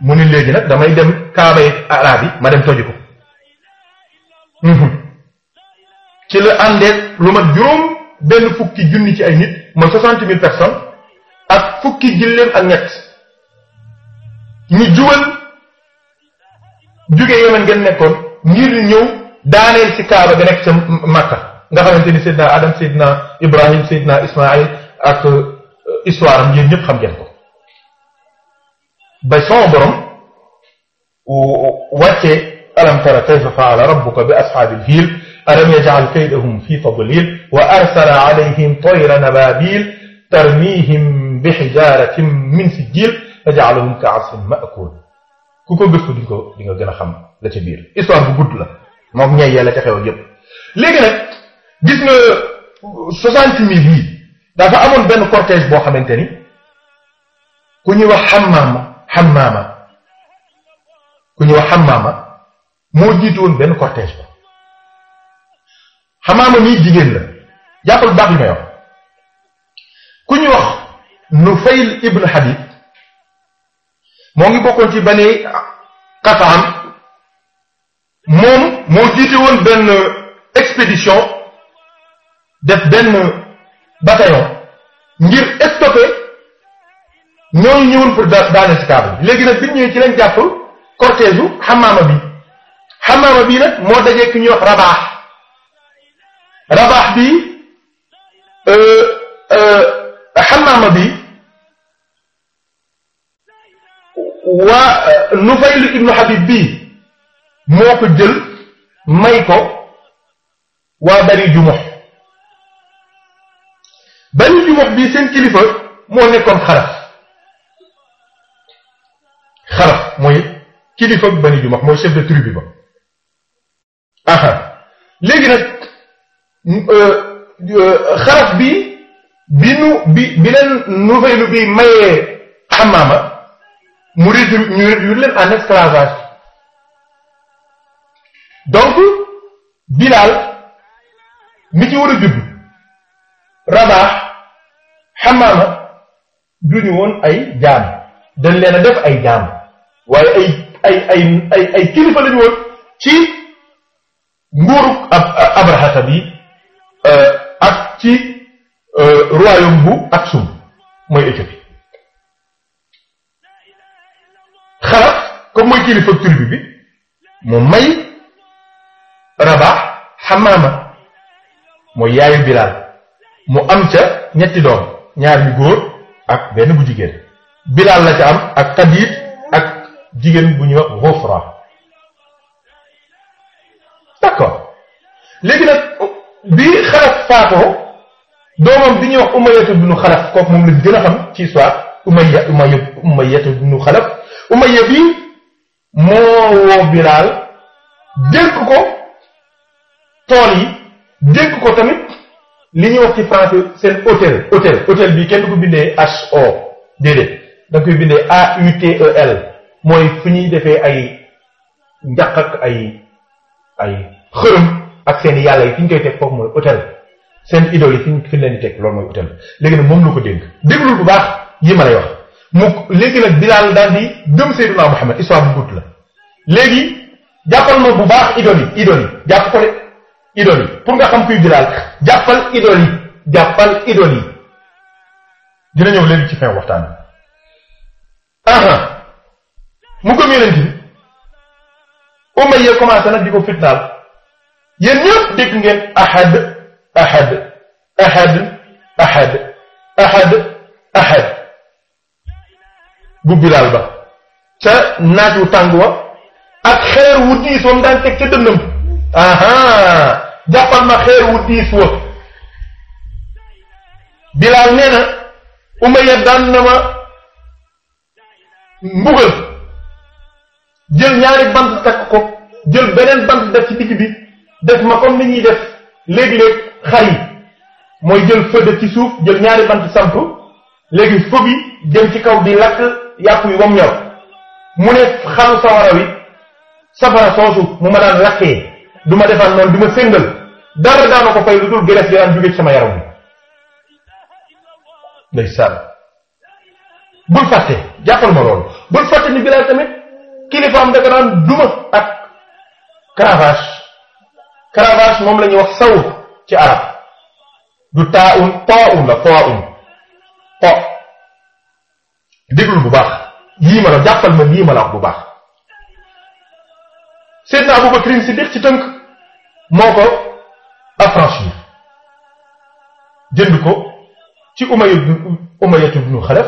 mu ni léegi nag damay dem Kaaba yi ma dem toji ko mhm. ci la àndeek lu mat juróom benn fukki junni ci ay nit mooy soixante mille personnes ak fukki gilleem ak ñett ñu jubal jugee yemen ngeen nekkoon ngir ñëw daaneel ci kaaba ga nekk ca Makka nga xamante ni Seydina Adam Seydina Ibrahim Seydina Ismaïl ak euh, histoire am yéen ñëpp xam ngeen ko ba sama borom wàccee alam tara kayfa faala rabbuka bi ashaabil fiil alam yaj'al kaydahum fi tadlil wa arsala alayhim tayran ababil tarmihim bi hijaratin min sijil taj'aluhum ka'asfin ma'kul ku ko gëstu xam la ca biir histoire bu gudd la moom ñay yàlla ca xew yépp léegi nag gis nga soixante mille yi dafa amoon benn cortège boo xamante ni ku ñuy wax xammaama xammaama ku ñuy wax xammaama moo jiitu woon benn cortège ba xammaama mii jigéen la jàppal baax li may wax ku wax Nufayl ibn Habib moo ngi bokk ci bani Qataam moom moo jiite woon benn expédition def benn bataillon ngir stopper ñooñu ñëwoon pour daane si Kaaba bi léegi nag bi ñu ñëwee ci lañ jàpp cortège u xamaama bi xamaama moo dajee ki ñuy wax rabaax rabaax bi euh, waa euh, Nufaylu ibnu Habib bii moo ko jël may ko waa bari jumox bari jumox bii seen kilifa moo nekkoon xaraf xaraf mooy kilifa bari jumox mooy chef de tribu aha léegi nag euh, euh, bi bi nu bi bi leen mu ñu réduire leen en esclavage donc Bilal mi ci war a Rabaax Xamaama duñu woon ay jaam dañ leen a def ay jaam waaye ay ay ay ci nguurug Abraha bi euh, ak ci euh, royaume bu Aksum mooy Éthiopie. comme mooy kilifa tribu bi mu may Rabah Xamaama mooy yaayu Bilaal mu am ca ñetti doom ñaar ñu góor ak benn bu jigéen Bilaal la ca am ak Xadiid ak jigéen bu ñuy wax Xufra d'accord léegi nag bi Xalaf faatoo doomam bi ñuy wax Umayyatu bnu Xalaf kooku moom lañ gën a xam ci histoire Umayya Umayya Umayyatu bnu Xalaf Umayya bi moo woo Bilaal dénk ko tool yi dénk ko tamit li ñuy wax ci français seen hôtel hôtel hôtel bi kenn du ko bindee H O déedéet da koy bindee A U e mooy fu ñuy defee ay njaq ak ay ay xërëm ak seen yàlla yi fi ñu koy teg foofu mooy hôtel seen idole yi fi ñu fi leen teg loolu mooy hôtel léegi nag moom la ko dénk déglul bu baax yi ma lay wax. mu léegi nag Bilaal daal di gëm Seydina Muhammad histoire baax idole yi idole yi jàpp ko de idole yi pour nga xam kuy Bilaal jàppal idole yi jàppal waxtaan bi aha mu gëm yonent bi Umayya commencé nag di ko fitnaal yéen ñëpp dégg ngeen ahad ahad ahad ahad bu bilaal ba ca naaj wu tàng wa ak xeer wu diis wa mu daan teg ca dëndam aha jàppal ma xeer wu diis wa bilaal nee na umaya daan na ma mbugal jël ñaari bant takk ko jël beneen bant def ci digg bi def ma comme ni ñuy def léegi-léeg xar mooy jël fëdd ci suuf jël ñaari bant samp léegi fobi jëm ci kaw di lakk yàpp wi ba mu mu ne xam sawara wi safara soosu mu ma daan lakkee du ma defaan noonu du ma séngal dara daana ko fay lu dul gerees yi daan jóge ci sama yaram bi ndeysaan bul fàtte jàppal ma loolu bul fàtte ni bilaal tamit kilifaam daga daan duma ak cravache cravache moom lañu ñuy wax sawut ci arab du taa un taa un la taa un po déglul bu baax lii ma la jàppal ma lii ma la wax bu baax Seydina Abubakrin Siddiq ci tënk moo ko affranchir jënd ci Umayya Umayyatu Xalaf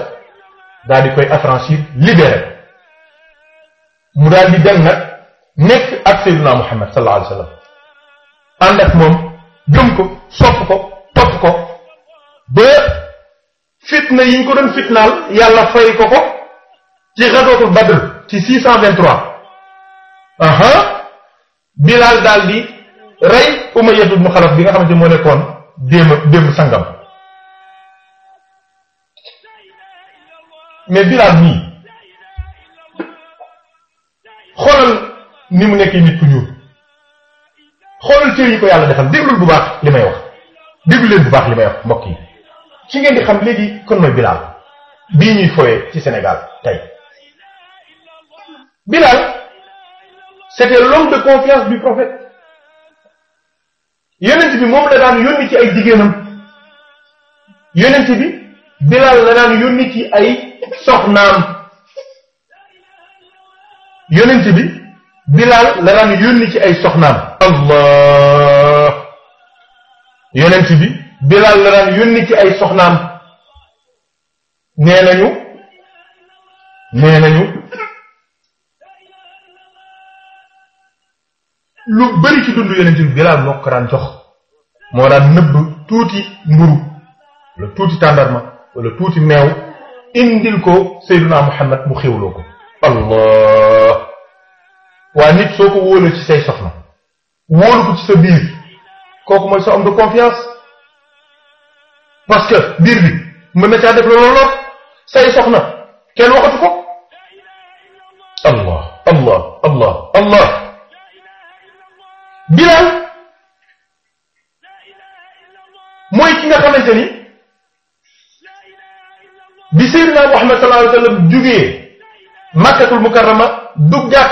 daal di koy affranchir mu daal di dem ak Seydina Muhammad sallallahu alayhi wa sallam fitna yi ñu ko doon fitnaal yàlla fay ko ko ci xasootul badr ci 623 aha bilaal daal di rey umayyatu mu xalaf bi nga xamante moo nekkoon démb démb sangam mais bilaal nii xoolal ni mu nekk nit ku ñuul xoolal cër yi ko yàlla defal déglul bu baax li may wax déglu bu baax li may wax mbokk yi ci ngeen di xam léegi kon mooy Bilal bii ñuy foyee ci Sénégal tey Bilal c'était l'homme de confiance du prophète yonent moom la daan yónni ci ay jigéenam yonent Bilal la daan yónni ci ay soxnaam yonent Bilal la daan yónni ci ay soxnaam. Allah Bilaal la daan yónni ci ay lu bari ci dund yonent bi Bilaal moo ko moo daan nëbb tuuti mburu wala tuuti tàndarma wala tuuti meew indil ko Seydunaa Muhammad mu allah waa nit soo ko ci say soxna wóolu ci sa biir kooku mooy sa homme confiance parce que biir bi mën na caa def loolu lool say soxna kenn waxatu ko allah allah allah allah mooy ki nga xamante bi Seydina Muhammad sallallahu alayhi wa sallam jugee makkatul mukarrama duggaat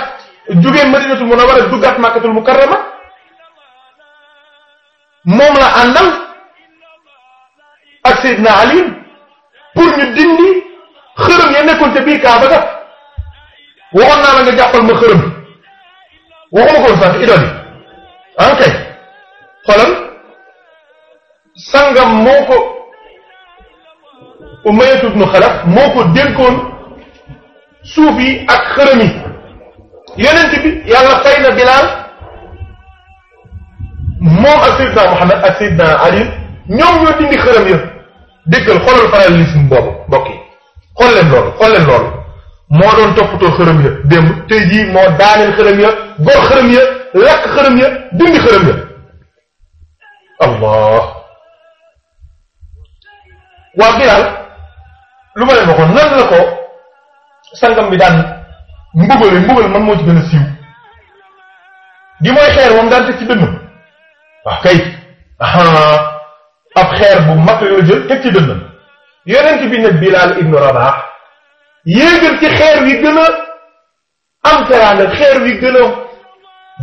jugee madinatul munawwara duggaat makkatul mukarrama moom la Seydina Ali pour ñu dindi xërëm ya nekkoon ca biir Kaaba ga waxoon naa la nga jàppal ma xërëm waxuma ko ah, sangam moo ko Umayatu ibnu Xalaf moo ko dénkoon suuf yi ak xërëm yi yonent bi yàlla fay Bilaal moom ak Seydina Muhammad ak Seydina Ali ñoom ñoo dindi xërëm ya déggal xoolal parallélisme boobu mbokk yi xool leen loolu xool leen loolu moo doon toppatoo xërëm ya démb tey jii moo daaneel xërëm ya gor xërëm ya lakk xërëm ya dindi xërëm ya allah waa bilaal lu ma leen waxoon nan la sangam bi daan mbugale mbugal man moo ci gën a di mooy xeer moom daan teg ci dënn waaw ab xeer bu mag la jël teg ci dënnam yonent bi ne Bilal ibnu Rabah yéegal ci xeer wi gën a am teraanga xeer wi gën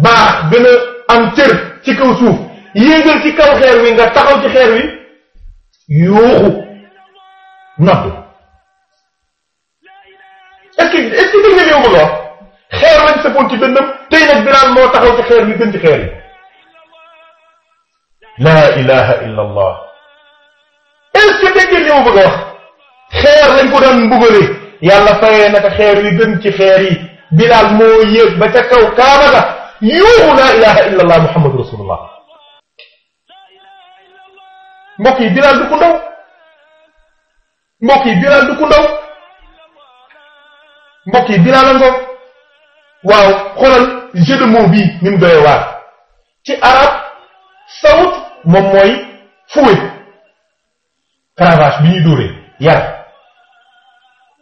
baax gën am cër ci kaw suuf yéegal ci kaw xeer wi nga taxaw ci xeer wi yooxu noddu est-ce que est-ce que dégg nga yow ma loo xeer lañ sëppoon ci dënnam tey nag Bilal moo taxaw ci xeer wi gën ci xeer laa ilaha illa allah est-ce que dégg li ma bëgg a wax xeer lañ ko daan mbugale yàlla fayee naka xeer yu gën ci yi bilaal moo yéeg ba ca kaw kaaba ga yuuxu laa ilaha illa allah yi bilaal du ku ndaw mbokk yi bilaal du ku la ngoog mu doyee waar ci sawut moom mooy fouet cravage bi ñuy dóoree yar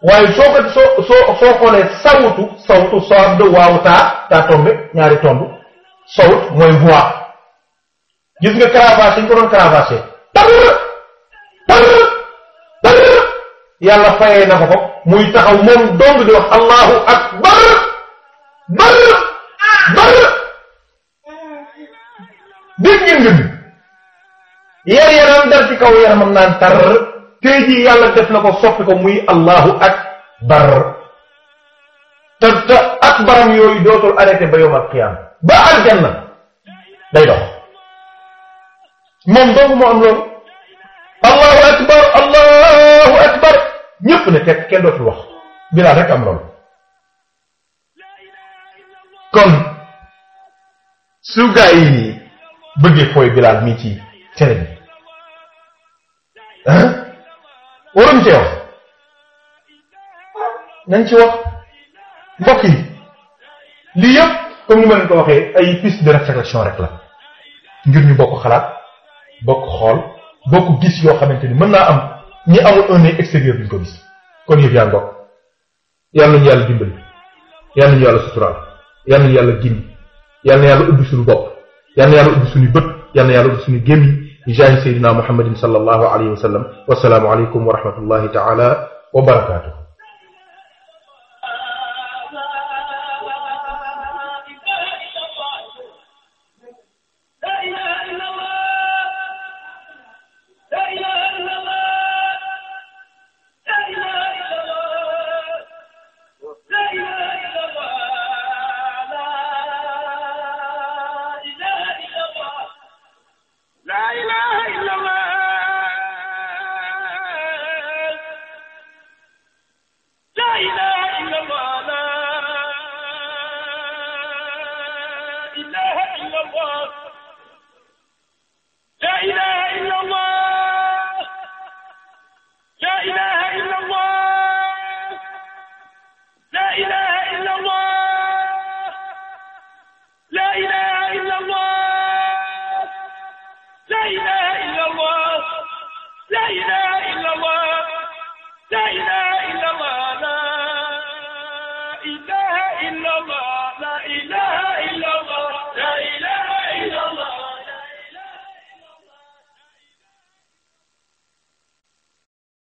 waaye soo ko soo soo soo xoolee sawutu sawutu sawat waaw taa taa tombe ñaari tomb sawut mooy voix gis nga cravaché ñu ko doon cravaché tar tar tar yàlla fayee na ko ko muy taxaw moom dong di wax allahu akbar bar bar dégg ngeen ngeen yar yaram dar ci kaw yaramam naan tar tey jii yàlla def na ko soppi ko muy allahu akbar te te akbaram yooyu dootul arrêté ba yowm al qiyaama ba aljanna day dox moom doogu moo am loolu akbar allahu akbar ñépp ne teg kenn dootul wax bilaa rek am loolu kon su gaa yi bëggee fooy bilaal mii ci télé bi ah waruñ cee wax nañ ci wax mbokk yi lii yëpp comme ni ma leen ko waxee ay piste de réflexion rek la ngir ñu bokk xalaat bokk xool bokk gis yoo xamante ni mën naa am ñi amul un œil extérieur duñ ko gis kon yëf yaa ngokk yàlla ñu yàlla dimbali yàlla ñu yàlla suturaal yàlla ñu yàlla gindi yàlla na yàlla ubbi suñu yal na yàlla ubbi suñu bët yal na yàlla ubbi suñu gémmiñ bi jaahi sayyidina muhammadin sallallahu alayhi wa sallam wasalaamu aleykum wa rahmatullahi taala wa barakaatu